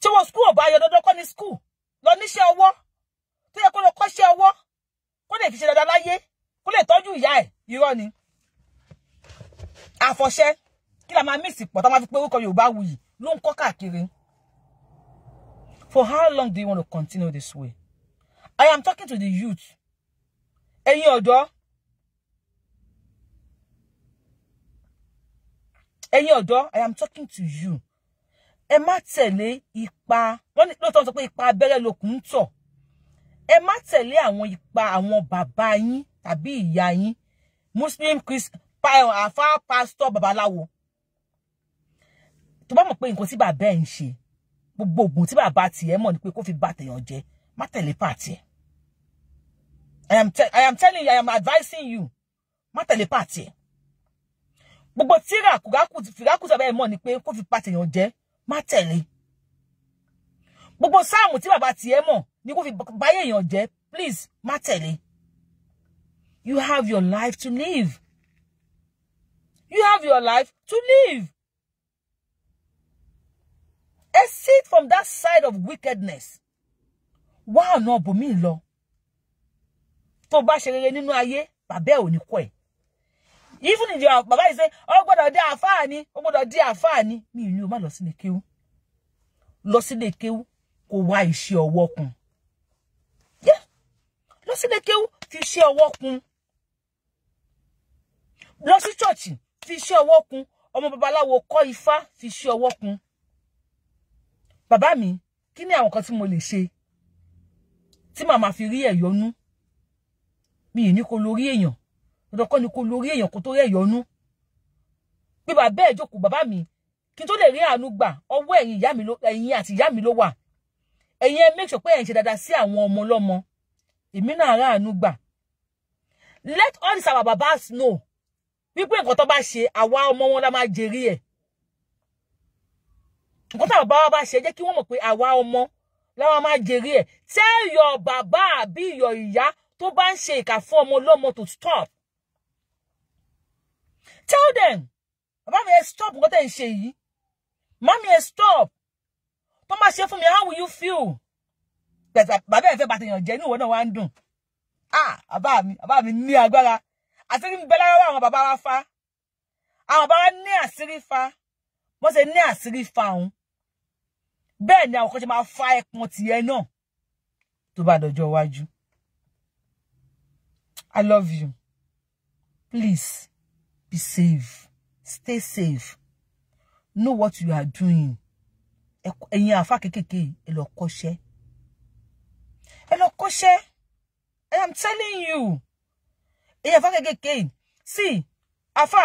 tí wọn skul ọba ayọ̀ dandan kọ́ ni skul lọ níṣẹ́ ọwọ́ tó yẹ kó lọ kọ́ṣẹ́ ọwọ́ kó lè fi ṣe dandan láyé kó lè tọ́jú ìyá ẹ̀ irọ́ ni àfọ̀ṣẹ kí la máa mí ìsìpọ̀ tá máa fi pé orúkọ Yorùbá wuyì ló ń kọ́ káàkiri for how long do you want to continue this way I am talking to the youth ẹ̀yin ọ̀dọ́ ẹ̀yin ọ̀dọ́ I am talking to you ẹ má tẹ̀lé ipa wọ́n ní lóòótọ́ sọ pé ipa abẹ́rẹ́ lòkùn ń tọ̀ ẹ má tẹ̀lé àwọn ipa àwọn bàbá yín tàbí ìyá yín Muslim Christian àfa pastor babaláwo tó bá mọ̀ pé nǹkan tí bàbá ẹ̀ ń ṣe gbogbo oògùn tí bàbá tiẹ̀ mọ̀ ni pé kó fi bá tèèyàn jẹ má tẹ̀lé pàtì ẹ̀ I am, I am telling you I am advising you má tẹ̀lé pàtì ẹ̀ gbogbo tíra kùrákù fìrákù tí bàbá ẹ̀ mọ̀ ni pé kó fi bá tèèyàn jẹ má tẹ̀lé gbogbo sáàmù tí bàbá tiẹ̀ mọ̀ ni kó fi báyé èèyàn jẹ please má tẹ̀lé you have your life to live you have your life to live exit from that side of wickedness wá ọ̀nà ọ̀bùnmí lọ tó bá ṣe rere nínú ayé bàbá ẹ̀ ò ní even if your bàbá yìí ṣe ó gbọ́dọ̀ di àfáà ni ó gbọ́dọ̀ di àfáà ni mi ì ní o má lọ sílé kéwú lọ sílé kéwú kó wá iṣẹ́ ọwọ́ kun lọ sílé kéwú fi iṣẹ́ ọwọ́ kun lọ sí chọ́ọ̀chì fi iṣẹ́ ọwọ́ kun ọmọ babaláwo kọ́ ifa, fi iṣẹ́ ọwọ́ kun Baba mi kini ni àwọn kan tí mo lè ṣe tí màá fi rí ẹ̀yọ́nú mi ì ní kó lórí èèyàn dandan kọ́ ni kó lórí èèyàn kó tó rí ẹ̀yọ́nú bí bàbá ẹ̀ jókòó bàbá mi kí n tó lè rí àánú gbà ọwọ́ ẹ̀yin ìyá mi ló ẹ̀yin àti ìyá mi ló wà ẹ̀yin ẹ make sure pé ẹ̀ ń ṣe dáadáa sí àwọn ọmọ ọlọ́mọ èmi náà rà àánú let all these our babas know wípé nǹkan tó bá ṣe àwa ọmọ wọn la máa jèrè ẹ̀ nǹkan táwọn bàbá bá ṣe jẹ́ kí wọ́n mọ̀ pé àwa ọmọ làwọn máa jèrè ẹ̀ tell your bàbá àbí your ìyá tó bá ń ṣe ìkà fún ọmọ ọlọ́mọ to stop tell them bàbá mi ẹ stop nǹkan tẹ̀ ń ṣe yìí mami ẹ stop tó máa ṣe fún mi how will you feel bàbá ẹ fẹ́ bàtà èèyàn jẹ́ inú ìwọ náà wá ń dùn ah bàbá mi bàbá mi ní agbára àṣírí ń bẹ lára àwọn bàbá wa fa àwọn bàbá ní àṣírí fa wọ́n ṣe ní àṣírí fa òun bẹ́ẹ̀ ni àwọn kan ṣe máa fa ẹpọn tìyẹ náà tó bá dọjọ́ iwájú i love you please be safe stay safe know what you are doing ẹ̀yin àfa kékèké ẹ lọ kọ́ṣẹ́ ẹ lọ kọ́ṣẹ́ i am telling you ẹ̀yin àfa kékèké see àfa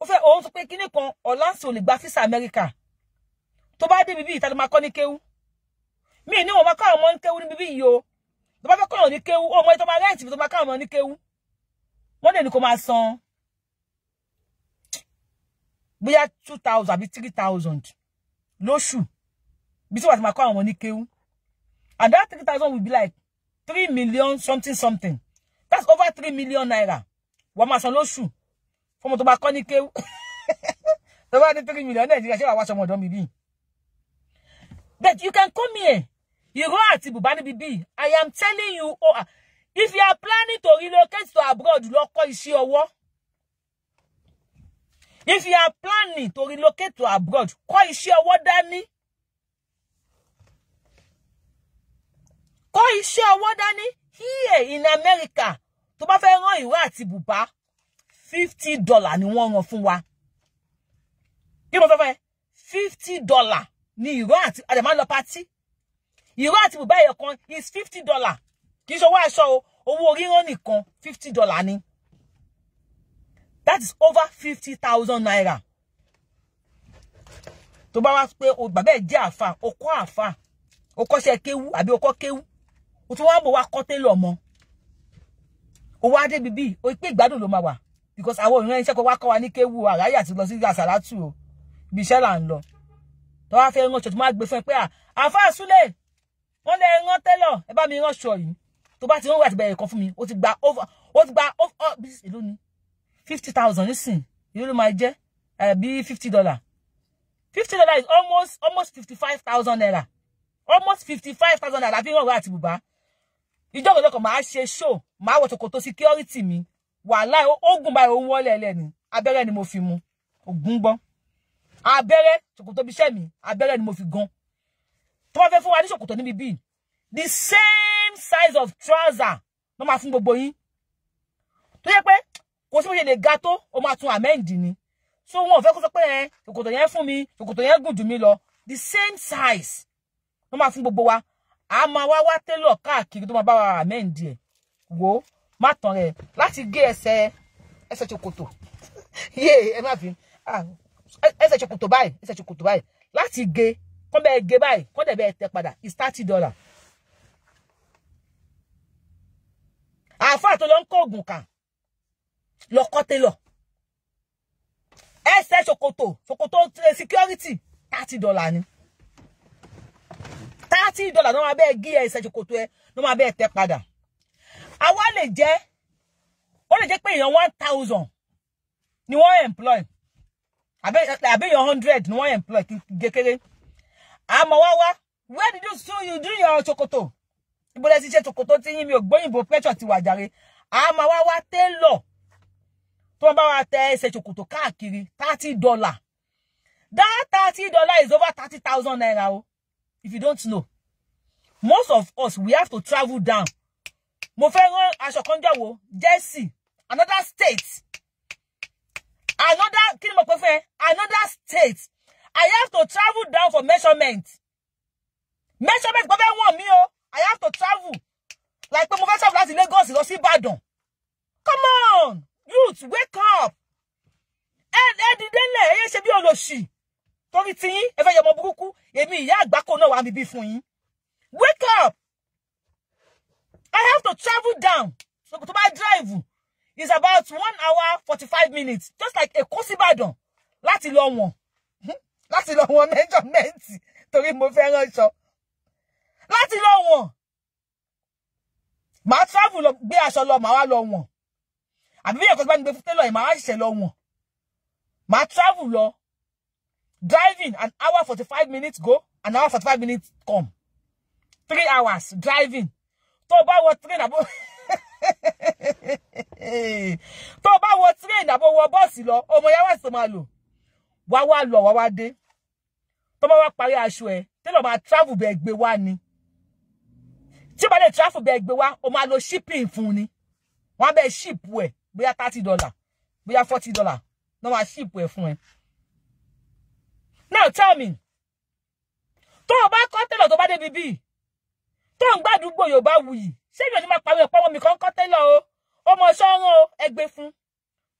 ó fẹ́ òun sọ pé kíní kan ọ̀la ń sọ lè gba fisa Amẹ́ríkà tó bá dé bíbí ìtàlùmọ̀ akọ́ ní kéwú mi ní wọn máa kọ́ àwọn ọmọ ní kéwú ní bíbí yìí o tó bá fẹ́ kọ́ àwọn ní kéwú ọmọ yìí tó máa rẹ́ǹtì tó máa kọ́ àwọn ní kéwú wọ́n lè ní kó san bóyá two thousand àbí three thousand lóṣù bí tí wàá ti máa kọ́ àwọn ọmọ ní kéwú and that three thousand will be like three million something something that's over three million naira wọ́n máa san lóṣù fọmọ tó bá kọ́ ní kéwú tó bá ní three million nàìjíríà ṣé wàá wá sọmọ ọ̀dọ́ mi bíi. But you can come here. You go at Bubani Bibi. I am telling you, oh, ah, if you are planning to relocate to abroad, local is your war. If you are planning to relocate to abroad, is your war. Danny, dání. is your war. Danny, here in America. to bá fẹ́ you go àti bùbá, fifty dollar ni wọ́n rán fún wa. Kí mo fẹ́ fẹ́? Fifty dollar ni ìró àti àdàmà lọ patí ìró àti bùbá ẹyọ kan is fifty dollar kì í ṣe owó aṣọ o owó rírán nìkan fifty dollar ni that is over fifty thousand naira tó bá wá pé o bàbá ẹ jẹ́ àfà o kọ́ àfà o kọ́ṣẹ́ kéwú àbí o kọ́ kéwú o tún wá bò wá kọ́ télọ̀ mọ́ o wá débi bíi o pé ìgbádùn ló máa wà because àwọn ìran iṣẹ́ kan wá kọ́ wa ní kéwú àráyà ti lọ sí àsàlátù o ibi iṣẹ́ là ń lọ tó wá fẹ́ ránṣọ tó máa gbé fún ẹ pé àfa àsúlẹ wọn lè rán tẹlọ ẹ bá mi ránṣọ yìí tó bá ti rán wà ti bẹ̀rẹ̀ kan fún mi ó ti gba over ó ti gba over oh, bí èló ni fifty thousand nísìn èló ló máa jẹ́ bí fifty dollar fifty dollar is almost almost fifty five thousand naira almost fifty five thousand naira fi ràn wá àti bùbá ìjọba ìjọba máa ṣe show máa wọ ṣòkòtò security mi wàhálà ogun báyìí ó wọlé ẹlẹ́ni abẹ́rẹ́ ni mo fi mu ògún gbọ́n abẹ́rẹ́ ṣòkòtò ibi iṣẹ́ mi abẹ́rẹ́ ni mo fi gan tó bá fẹ́ fún wa ní ṣòkòtò níbi bíi the same size of trouser no máa fún gbogbo yín tó yẹ pé kò sí bó ṣe lè ga tó o máa tún amẹ́ǹdì ni so wọn ò fẹ́ kó sọ pé ẹ ṣòkòtò yẹn fún mi ṣòkòtò yẹn gùn jù mí lọ the same size ló máa fún gbogbo wa a máa wá wá télọ̀ káàkiri tó máa bá wa amẹ́ǹdì ẹ̀ wò ó má tàn rẹ̀ láti gé ẹsẹ̀ ẹsẹ̀ ṣòkòtò yéé ẹ fi ah ẹsẹ̀ ṣòkòtò báyìí ẹsẹ̀ ṣòkòtò báyìí láti ge kọ́ bẹ́ẹ̀ ge báyìí kọ́ dẹ̀ bẹ́ẹ̀ tẹ padà is thirty dollar. àáfàá tó lọ ń kó oògùn kà lọ kọ́ télọ̀ ẹsẹ̀ ṣòkòtò ṣòkòtò security thirty dollar ni thirty dollar ní wọ́n máa bẹ́ẹ̀ gé ẹsẹ̀ ṣòkòtò ẹ ní wọ́n máa bẹ́ẹ̀ tẹ padà àwa lè jẹ́ ó lè jẹ́ pé èèyàn one thousand ni wọ́n employ I your hundred ni wọ́n employ kékeré àmọ́ wá wá where did you sue you do your ṣòkòtò ìbúlẹ̀ ti ṣe ṣòkòtò tí yín mi ò gbóyìnbó pressure ti wà jàre àmọ́ wá wá tell tó ń bá tell say ẹsẹ̀ ṣòkòtò káàkiri thirty dollar that thirty dollar is over thirty thousand naira if you don't know most of us we have to travel down mo fẹ́ rán aṣọ kan jọ̀wọ́ Jersey another state another kí ni another state I have to travel down for measurement measurement gbọ́dọ̀ wọ̀n mi o I have to travel like pé mo fẹ́ travel láti Lagos lọ sí Ìbàdàn come on youth wake up ẹ ẹ dìde lẹ ẹ ṣe bí olóṣì torí tiyín ẹ fẹ́ yọmọ burúkú èmi ìyá àgbákò náà wà bíbí fún yín wake up I have to travel down to my drive is about one hour forty five minutes just like Èkó síbàdàn láti lọ wọ̀n hmm? láti lọ wọ̀n mẹ́jọ̀mẹ́ǹtì torí mo fẹ́ ránṣọ láti lọ wọ̀n màá travel lọ gbé aṣọ lọ màá wá lọ wọ̀n àbí bí èkó tí bá ń gbé fún tẹ́lọ̀ yìí màá wá ṣiṣẹ́ travel lọ driving an hour forty five minutes go an hour forty five minutes come three hours driving To ba bá wọ train àbó. tó bá wọ train àbò wọ bọ́ọ̀sì lọ ọmọ ìyá wà sí máa lò wá wá lọ wá wá dé tó bá wá parí aṣọ ẹ tẹ́lọ̀ máa travel bẹ́ẹ̀ gbé wá ni tí bá lè travel bẹ́ẹ̀ gbé wá o máa lo shipping fún ni wọ́n á bẹ́ẹ̀ ship ẹ̀ bóyá thirty dollar bóyá forty dollar náà wàá ship ẹ̀ fún ẹ. now tell me tó o bá kọ́ tẹ́lọ̀ tó bá débi bíi tó ń gbàdúgbò yorùbá wù yìí ṣé èèyàn máa pariwo ẹ̀pọ́ wọn mi kàn kọ́ tẹ́lẹ̀ o ọmọ sọ́run o ẹgbẹ́ fún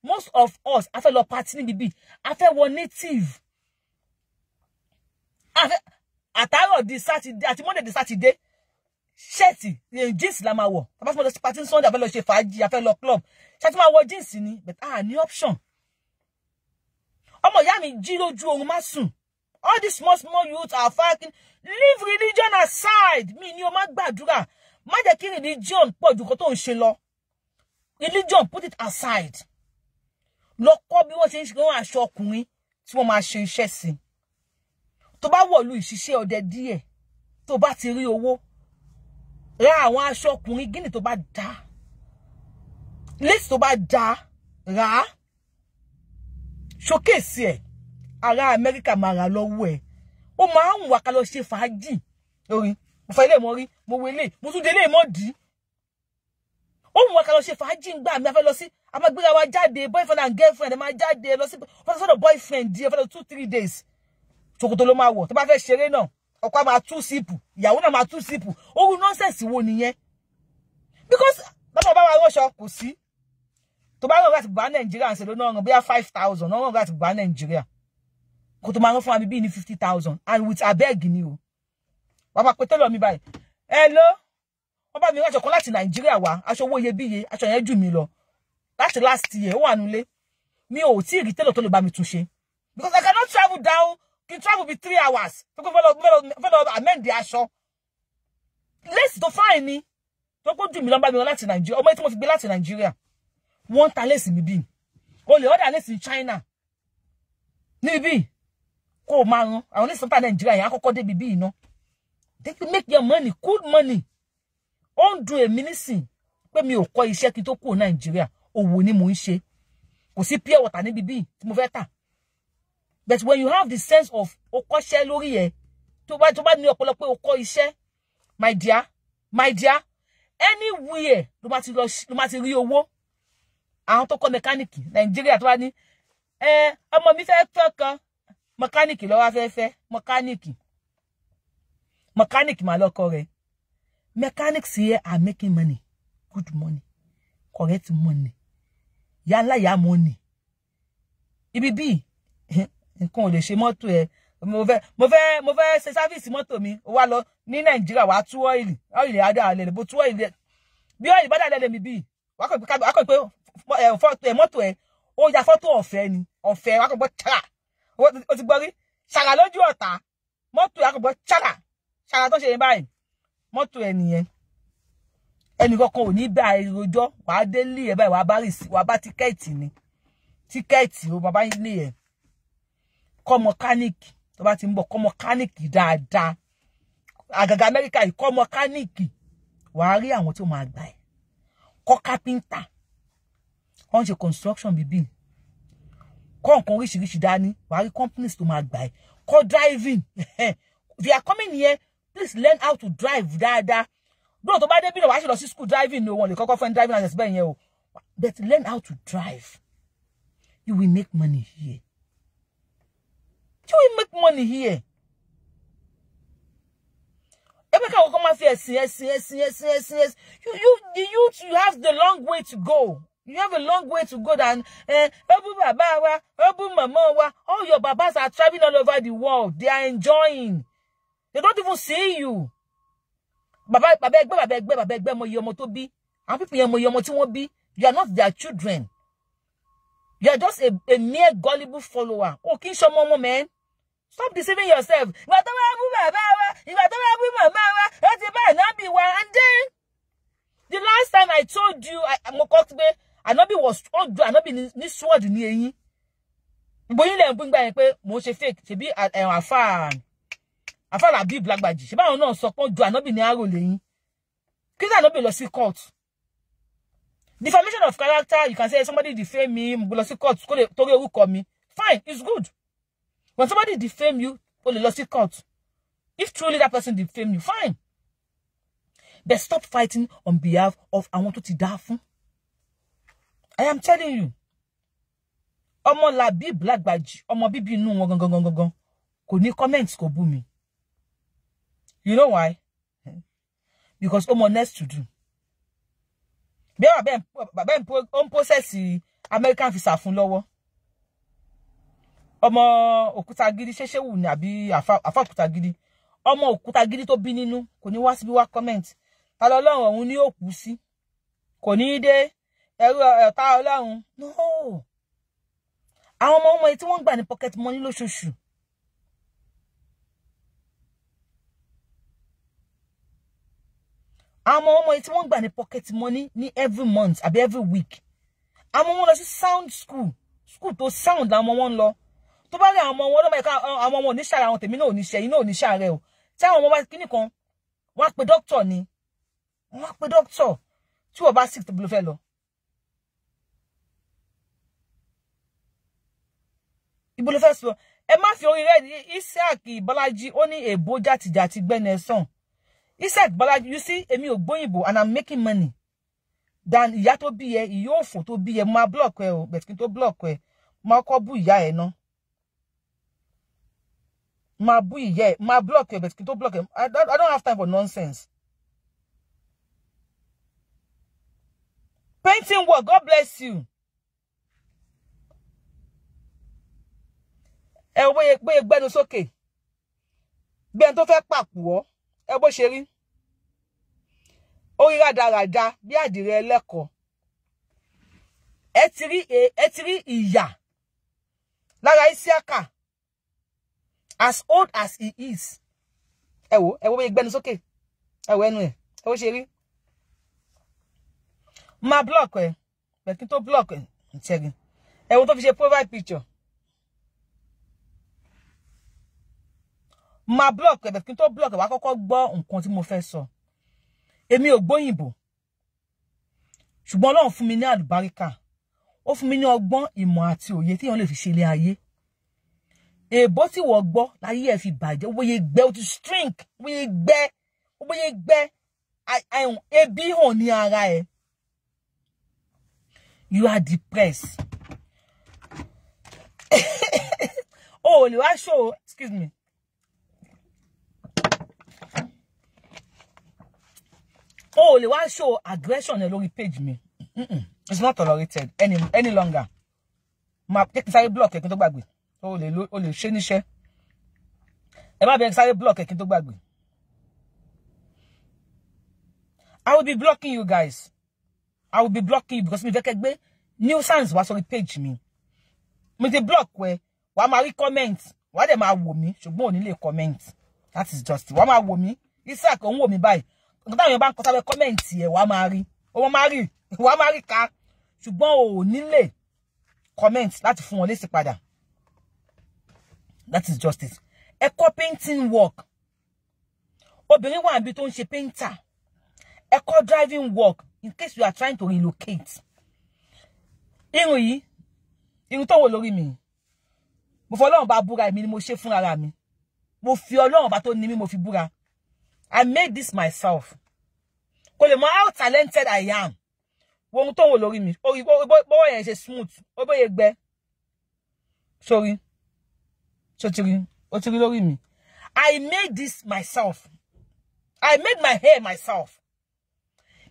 most of us a fẹ́ lọ party níbi bíi a fẹ́ wọ native àtàárọ̀ di sátidé àti monday di sátidé ṣẹ́ẹ̀tì jeans la máa wọ̀ tá a bá fẹ́ lọ sí party ní sunday a fẹ́ lọ ṣe fàájì a fẹ́ lọ club ṣáàtì máa wọ jeans ni but a ní option ọmọ ìyá mi jí lójú oorun má sùn all these small small youths are fucking leave religion aside mi ni o má gbàdúrà má jẹ́ kí religion pọ̀ ju kó to ń ṣe religion put it aside lọ kọ́ bí wọ́n ṣe ń ṣe wọ́n aṣọ ọkùnrin tí wọ́n máa ṣe iṣẹ́ sí tó bá wọ̀lú ìṣiṣẹ́ ọdẹ díẹ̀ tó bá ti rí owó ra àwọn aṣọ ọkùnrin gíní tó bá dá lace tó bá dá rà showcase ẹ̀ ará America máa rà lọ́wọ́ ẹ̀ ó máa ń wà ká lọ ṣe fàájì orí mo fẹ́ ilé mọ rí mo wo ilé mo tún dé ilé mọ́ dì í ó ń wà ká lọ ṣe fàájì ń gbà mí a fẹ́ lọ sí a máa gbéra wa jáde boyfriend and girlfriend a máa jáde lọ sí wọ́n sọ́dọ̀ boyfriend yìí a fẹ́ lọ two three days ṣòkòtò ló máa wọ̀ tó bá fẹ́ ṣeré náà ọkọ máa tú síìpù ìyàwó náà máa tú síìpù oru nọ́ńsẹ̀sì wo nìyẹn because bàbá bá wa rọ́ṣọ kò sí tó bá rọrùn láti gbà nàìjíríà ń ṣe ló náà ràn bóyá five thousand náà rọrùn láti gbà nàìjíríà kò tó máa rán fún fifty thousand and with abeg ni o wàá máa pe tẹ́lọ̀ mi báyìí hello wọ́n bá mi rán aṣọ kan láti nàìjíríà wá aṣọ owó iyebíye aṣọ yẹn jù mí lọ láti last year ó wà nulẹ̀ mi ò tí ì rí tẹ́lọ̀ tó lè bá mi tún because I cannot travel down Can travel be three hours tó kó fẹ́ lọ fẹ́ lọ amend aṣọ lace tó fine ni tó kó jù mí lọ bá mi rán láti Nigeria. ọmọ yìí tí mo fi gbé láti Nigeria. One ń ta lace mi bíi olè other lace in China níbí kó o máa ran àwọn onísìnpá nàìjíríà yẹn àkọ́kọ́ débi bí iná they can make your money good money ó ń dun èmi nísìn pé mi ò kọ́ iṣẹ́ kí n tó kúrò nàìjíríà òwò ni mò ń ṣe kò sí pure water níbi bíi tí mo fẹ́ tà but when you have the sense of o kọ́ṣẹ́ lórí ẹ̀ tó bá tó bá ní ọpọlọ pé o kọ́ iṣẹ́ my dear my dear anywhere ló má ti lọ ló má ti rí owó àwọn tó kọ́ mẹkáníìkì nàìjíríà tó bá ní ẹ ọmọ mi fẹ́ fẹ́ kan mọkánìkì ló wá fẹ́ fẹ́ mọkánìkì mọkánìkì mà lọ́kọ rẹ̀ mechanics here are making money good money correct money yálà yá money ibi bíi nǹkan ò lè ṣe mọ́tò ẹ̀ mo fẹ́ mo fẹ́ mo fẹ́ ṣe sáfíìsì mọ́tò mi ó wá lọ ní nàìjíríà wàá tú ọ́ìlì ọ́ìlì adá àlẹ́ lè bo tú ọ́ìlì bí ọ́ìlì bá dàdẹ́ lèmi bíi wàá kọ̀ pé mọ́tò ẹ̀ ó ya fọ́tò ọ̀fẹ́ ni ọ̀fẹ́ wàá kọ̀ pé tíra o ti gbọ́ rí ṣàrà lójú ọ̀tá mọ́tò àkọ́gbọ́ ṣàrà ṣàrà tó ṣe yẹn báyìí mọ́tò ẹ̀ nìyẹn ò ní bá ìrojọ́ wàá dé lé ẹ̀ báyìí wàá bá rìsí wàá bá tíkẹ́ẹ̀tì ni tíkẹ́ẹ̀tì o bàbá lé ẹ̀ kọ́ mọkánìkì tó bá ti ń bọ̀ kọ́ mọkánìkì dáadáa àgàgà Amẹ́ríkà yìí kọ́ mọkánìkì wàá rí àwọn tó máa gbà ẹ̀ kọ́ kápẹ́ńtà wọ́n ń ṣe construction bíbí kọ́ nǹkan oríṣiríṣi dání wàá rí companies tó máa gbà ẹ́ kọ́ driving they are coming here please learn how to drive dáadáa dúró tó bá dé bílẹ̀ wàá ṣe lọ sí school driving ni o wọn lè kọ́kọ́ fẹ́ driving license bẹ́ẹ̀ yẹn o but learn how to drive you will make money here you will make money here ebe ká kọ́kọ́ máa fi ẹ̀sìn ẹ̀sìn ẹ̀sìn ẹ̀sìn ẹ̀sìn ẹ̀sìn you you the youth you have the long way to go You have a long way to go than eh, All your babas are traveling all over the world. They are enjoying. They don't even see you. And people You are not their children. You are just a, a mere gullible follower. Oh, King show man. Stop deceiving yourself. And then, the last time I told you, I, mo kọ́ pé ànábì was ó ju ànábì ní sword ní eyín gboyin lẹ́yìn gbígbà yẹn pé mò ń ṣe fake ṣebí ẹ̀wọ̀n eh, eh, àfà àfà làbí ìblágbàjì ṣe báwọn náà sọ pé ó ju ànábì ní arrow lẹ́yìn kí ni ànábì lọ sí court defamation of character you can say somebody defame me mo lọ sí court kó lè torí orúkọ mi fine it's good when somebody defame you o lè lọ sí court if truly that person defame you fine but stop fighting on behalf of àwọn tó ti dá fún. I am telling you. Omo la Ọmọ làbí Omo ọmọ bíbí inú wọn gong gong gong gong. ní comment kò bú mi. You know why? Because Omo next to do. Bí bàbá ń ó ń process American visa fún lọ́wọ́. Ọmọ òkúta gidi ṣẹṣẹ wù ní àbí àfa òkúta gidi. Ọmọ òkúta gidi tó bí nínú kò ní wá síbi wá comment. Ta lọ́lọ́run ọ̀hún ní òkú sí. Kò ní í dé ẹ̀rú ọ̀tá ọlọ́run no àwọn ọmọ ọmọ yìí tí wọ́n gbà ní pocket money lóṣooṣù àwọn ọmọ ọmọ yìí tí wọ́n ń gbà ní pocket money ní every month àbí every week àwọn ọmọ wọn lọ sí sound school school tó sound làwọn ọmọ wọn lọ tó bá rí àwọn ọmọ wọn lọ́mọ ẹ̀ka àwọn ọmọ oníṣàrẹ̀ àwọn tèmi náà oníṣẹ́ yìí náà oníṣẹ́ rẹ̀ o tí àwọn ọmọ bá kíní kan wọ́n á pe doctor ni wọ́n á pe doctor, tí wọ́n bá sick tó bí ló fẹ́ lọ ibo ló fẹ́ sọ ẹ má fi orin rẹ Isiaq Bọ́lájí ó ní èbó jàtìjàtì gbẹ́nẹ̀ sàn Isiaq Bọ́lájí you see èmi ò gbóyìnbó and i'm making money dan ìyá tó bí ẹ ìyá òfò tó bí ẹ máa block ẹ o bẹ̀tìkín tó block ẹ máa kọ́ bú ìyá ẹ ná máa bú ìyá ẹ máa block ẹ bẹ̀tìkín tó block ẹ i don't have time for nonsense. painting work god bless you. ẹ wo bóyá bóyá gbẹ́nu sókè bí ẹni tó fẹ́ pàpùọ́ ẹ bó ṣe rí ó rí rádaràda bí àdìrẹ ẹlẹ́kọ̀ọ́ ẹ ti rí ìyà lára Isiaka as old as he is ẹ wo ẹ wo bóyá gbẹ́nu sókè ẹ wo ẹnu ẹ ẹ bó ṣe rí máa block ẹ pẹ̀kí tó block ẹ ń tẹ̀gìn ẹ wo tó fi ṣe profile picture. máa block ẹ̀ kí n tó block ẹ̀ wá kọ́kọ́ gbọ́ tí mo fẹ́ sọ èmi ò gbóyìnbó ṣùgbọ́n ọlọ́run fún mi ní àlùbáríkà ó fún mi ní ọgbọ́n ìmọ̀ àti òye téèyàn lè fi ṣe ilé ayé èèbó tí wọ́n gbọ́ láyé ẹ̀ fi bàjẹ́ wọ́yẹ gbẹ́ ó ti string wọ́yẹ gbẹ́ wọ́yẹ gbẹ́ ebi hàn ní ara ẹ̀ you are depressed o ò lè wá ṣòro excuse me Oh, lè wá show aggression ẹ lórí page mi it's not tolerated any any longer máa kí n sáré block ẹ̀kín tó gbàgbé o lè o lè ṣe níṣẹ́ ẹ má bẹ̀rẹ̀ sáré block ẹ̀kín tó gbàgbé I will be blocking you guys I will be blocking you because mi fẹ́ kẹ́ gbé nuisance wá sórí page mi mi ti block ẹ wàá máa rí comment wàá dẹ̀ máa wò mí ṣùgbọ́n ò ní comment that is just wàá máa wò mí Isaac òun wò mí báyìí nǹkan táwọn èèyàn bá ń kọ sábẹ́ kọ́mẹ̀ǹtì ẹ̀ wàá máa rí wọ́n máa rí wàá máa rí ka ṣùgbọ́n o ò nílè kọ́mẹ̀ǹtì láti fún wọn lésì padà that is justice ẹ kọ́ painting work obìnrin wà níbi tó ń ṣe painter ẹ kọ́ driving work in case you are trying to relocate irun yìí irun tó wò lórí mi mo fọ ọlọ́run bá búra èmi ni mo ṣe fúnra mi mo fi ọlọ́run bá tó ní mi mo fi búra I made this myself. Kò lè how talented I am. Wo ohun tó ń wò lórí mi. Orí bọ́wọ́ yẹn ṣe smooth. Ó bóyá gbẹ. Sori. So ti rí. Ó ti rí lórí mi. I made this myself. I made my hair myself.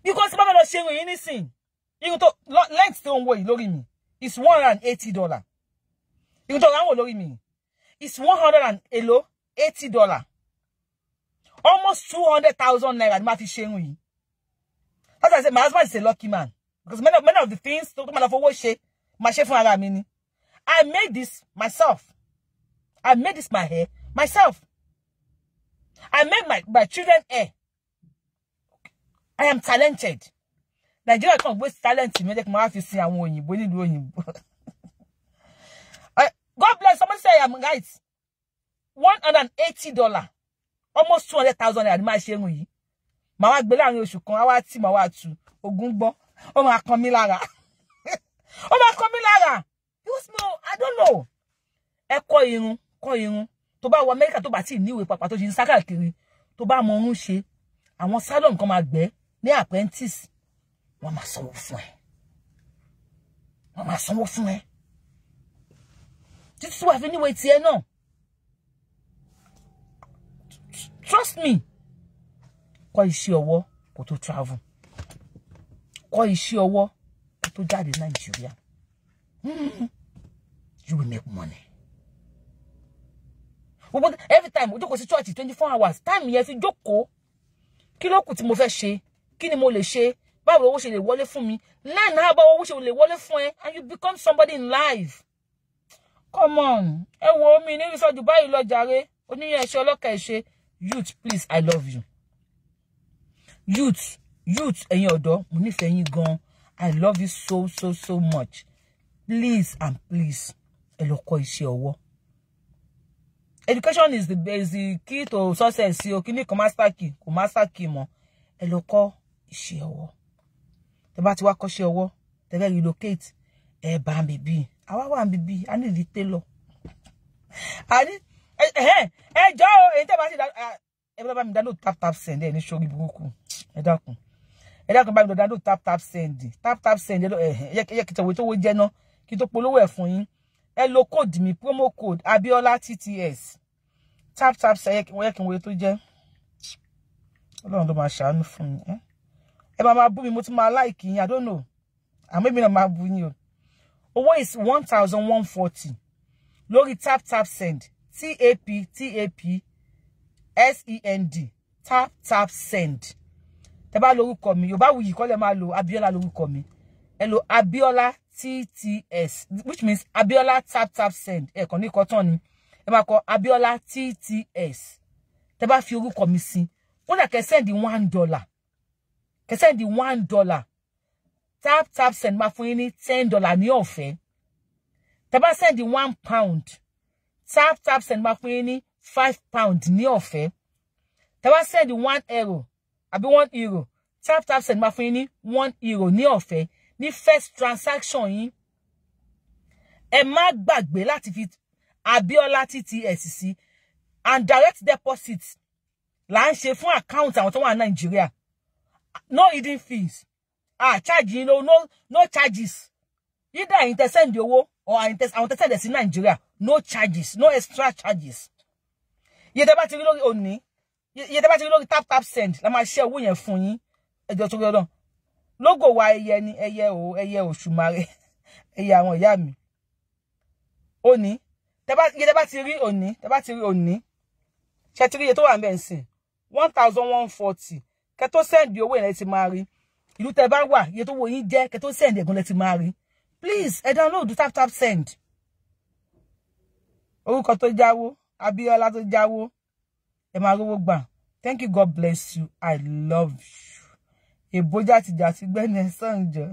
Because bàbá lọ ṣe irun yìí nísìn. Irun tó length tó ń wò yìí lórí mi. It's one hundred and eighty dollar. Irun tó ń wò lórí mi. It's one hundred and èlò eighty dollar almost two hundred thousand naira I'm ma fi ṣe irun that's why I said my husband is a lucky man because many of many of the things tó tó máa lọ fowó ṣe máa ṣe I made this myself I made this my hair myself I made my my children hair I am talented Nigeria can't gbé talent mi jẹ́ kí n máa fi sin àwọn òyìnbó nílùú òyìnbó. God bless. Somebody say I'm right. One hundred eighty dollar almost two hundred thousand naira ni máa ṣe irun yìí màá wá gbé láàrin oṣù kan á wá tì màá wá tu ogun gbọ́n ó máa kan mí lára ó máa kan mí lára you smell i don't know ẹ kọ irun kọ irun tó bá wọ amẹ́ríkà tó bá tí ì níwèé pàpà tó ṣe ń sá káàkiri tó bá mọ ohun ṣe àwọn salon kan máa gbẹ ní apprentice wọn máa sanwó fún ẹ wọn máa sanwó fún ẹ títí wàá fi níwèé tiẹ̀ náà trust me kọ́ iṣẹ́ ọwọ́ kó tó travel kọ́ iṣẹ́ ọwọ́ kó tó jáde nàìjíríà hmm. you will make money gbogbo every time o jókòó sí church twenty four hours time yẹn fi jókòó kí ló kù tí mo fẹ́ ṣe kí ni mo lè ṣe báwo owó ṣe lè wọlé fún mi learn how báwo owó ṣe lè wọlé fún ẹ and you become somebody in life come on ẹ wo mi ní resort Dubai lọ jàre oníyẹn ẹṣẹ ọlọ́kà ẹṣẹ youth please i love you youth youth ẹ̀yin ọ̀dọ́ mo nífẹ̀ẹ́ yín gan i love you so so so much please and please ẹ lọ kọ́ iṣẹ́ ọwọ́ education is the basic key to success o kí ni kò master key kò master key mọ́ ẹ lọ kọ́ iṣẹ́ ọwọ́ tẹ bá ti wá kọ́ṣẹ́ ọwọ́ tẹ fẹ́ relocate ẹ bá mi bí àwa wà mí bí i need tailor i need ẹ eh, eh, eh, jọ o èyí tẹ́ bá ṣe ah, ẹ bá bá mi download tap tap send ẹ ní sórí burúkú ẹ dákun ẹ dákun bá mi download tap tap send tap tap send ẹ yẹ kí tẹ̀wé tó wó jẹ́ náà kí tó polówó ẹ̀ fún yín ẹ lo code mi promo code abiola tts tap tap send ẹ yẹ kí n wo tó jẹ́ ọlọ́run ló máa ṣàánú fún mi ẹ máa máa bú mi mo ti máa láìkì yín i don't know àmọ́ èmi náà máa bú yín o owó is one thousand one forty lórí tap tap send tap tap send tap tap send tẹ bá lórúkọ mi Yorùbáwùyí kọ́ lẹ máa lo Abíọ́lá lórúkọ mi ẹ lo Abíọ́lá tts which means Abiola tap tap send ẹ kàn ní kọ tán ni ẹ máa kọ Abíọ́lá tts tẹ bá fi orúkọ mi sí ó dà kẹ́ send one dollar kẹ́ send one dollar tap tap send ma fún yín ní ten dollar ni ofe. tẹ bá send di one pound tap tap send máa pín ní five pound ní ọ̀fẹ́ tẹ́ bá send one euro I be one euro tap tap send máa fún yín one euro ní ọ̀fẹ́ ní first transaction yín ẹ má gbàgbé láti fi Abiola TTS TSC and direct deposits. là ń ṣe fún account àwọn tó wà Nàìjíríà no hidden fees ah charge you know no no charges either ẹ̀yin tẹ sẹ́ndì owó or I àwọn tẹ sẹ́ndì in nàìjíríà no charges no extra charges iye tẹ bá ti rí lórí òní iye tẹ bá ti rí lórí tap tap send la máa ṣe owó yẹn fún yín ẹjọ tó gbọdọ lógo Why? ẹyẹ ni ẹyẹ o ẹyẹ òṣùmàrè ẹyẹ àwọn ìyá mi òní iye tẹ bá ti rí òní tẹ bá ti rí òní ṣe ti rí iye tó wà ń bẹ̀ ń sìn one thousand one forty kẹ tó sẹ́ndì owó yẹn lẹ ti máa rí ìlú tẹ bá wà iye tó wọ yín jẹ́ kẹ tó sẹ́ndì ẹ̀gún lẹ ti máa rí please ẹ download tap tap send orúkọ tó jáwó Abíọ́lá tó jáwó ẹ máa rówó gbà thank you god bless you i love you èbójà ti jà sí gbẹ́ni ẹ sàn do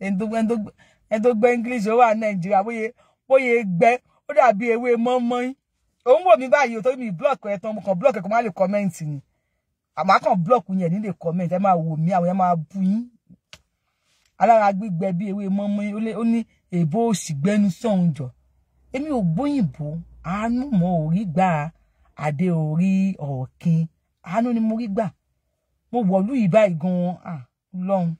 ẹni tó gbẹ english ó wà nàìjíríà bóyá bóyá gbẹ ó dàbí ewé mọ́mọ́ín òun wò mí báyìí o tó mi block ẹ tán mo kàn block ẹ kó má lè comment ni àmọ́ kàn block yẹn ní lè comment ẹ máa wò mí àwọn yẹn máa bú yín alára gbígbẹ bí ewé mọ́mọ́ ó ní èbó òsì gbẹ́nu sọ̀hún jọ èmi ò gbóyìnbó àánú mọ́ orí gbà àdé orí ọ̀ọ́kin àánú ni mo rí gbà mo wọ̀lú yìí báyìí gan-an lọ́hùn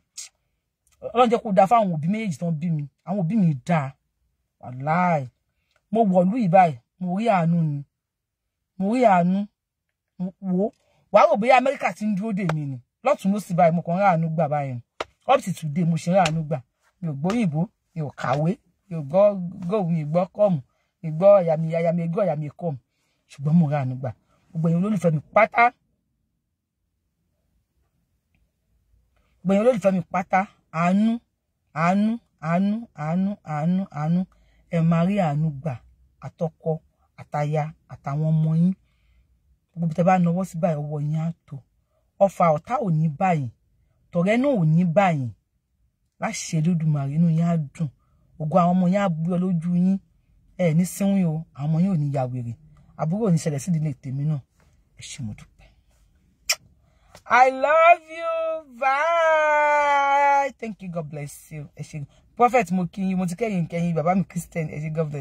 ọlọ́run jẹ́ kó dáa fáwọn òbí méjèèjì tán bí mi àwọn òbí mi dáa wàláì mo wọ̀lú yìí mo rí àánú ni mo rí àánú wo wàá rò bóyá amẹ́ríkà ti ń dúró dè mí ni lọ́tún ló sì báyìí mo kàn ń ráàánú gbà báyìí up to today mo ṣe ráàánú gbà mi ò gbóyìnbó mi ò kàwé mi ò gbọ́ gòwù mi gbọ́ kọ́ọ̀mù mi gbọ́ mi àyàmì gọ́ àyàmì kọ́ọ̀mù ṣùgbọ́n mo ráàánú gbà gbogbo ẹ̀yin olólùfẹ́ mi pátá gbogbo ẹ̀yin olólùfẹ́ mi pátá àánú àánú àánú àánú àánú àánú ẹ máa rí àánú gbà àtọkọ àtaya àtàwọn ọmọ yín gbogbo tẹ bá náwó sí báyìí ọwọ́ yín á tó ọfà ọ̀tá ò ní báyìí tọ̀rẹ́ náà ò ní báyìí láṣẹ lódùmarè inú yín á dùn ògo àwọn ọmọ yín á búyọ lójú yín ẹ ní sínwín o àwọn ọmọ yín ò ní ya wèrè àbúrò ò ní ṣẹlẹ̀ sí ìdílé tèmi náà ẹ ṣé mo dúpẹ́. I love you bye thank you God bless you ẹ ṣé prophet mo kí yín mo ti kẹ́yìn kẹ́yìn bàbá mi Christian ẹ ṣé God bless.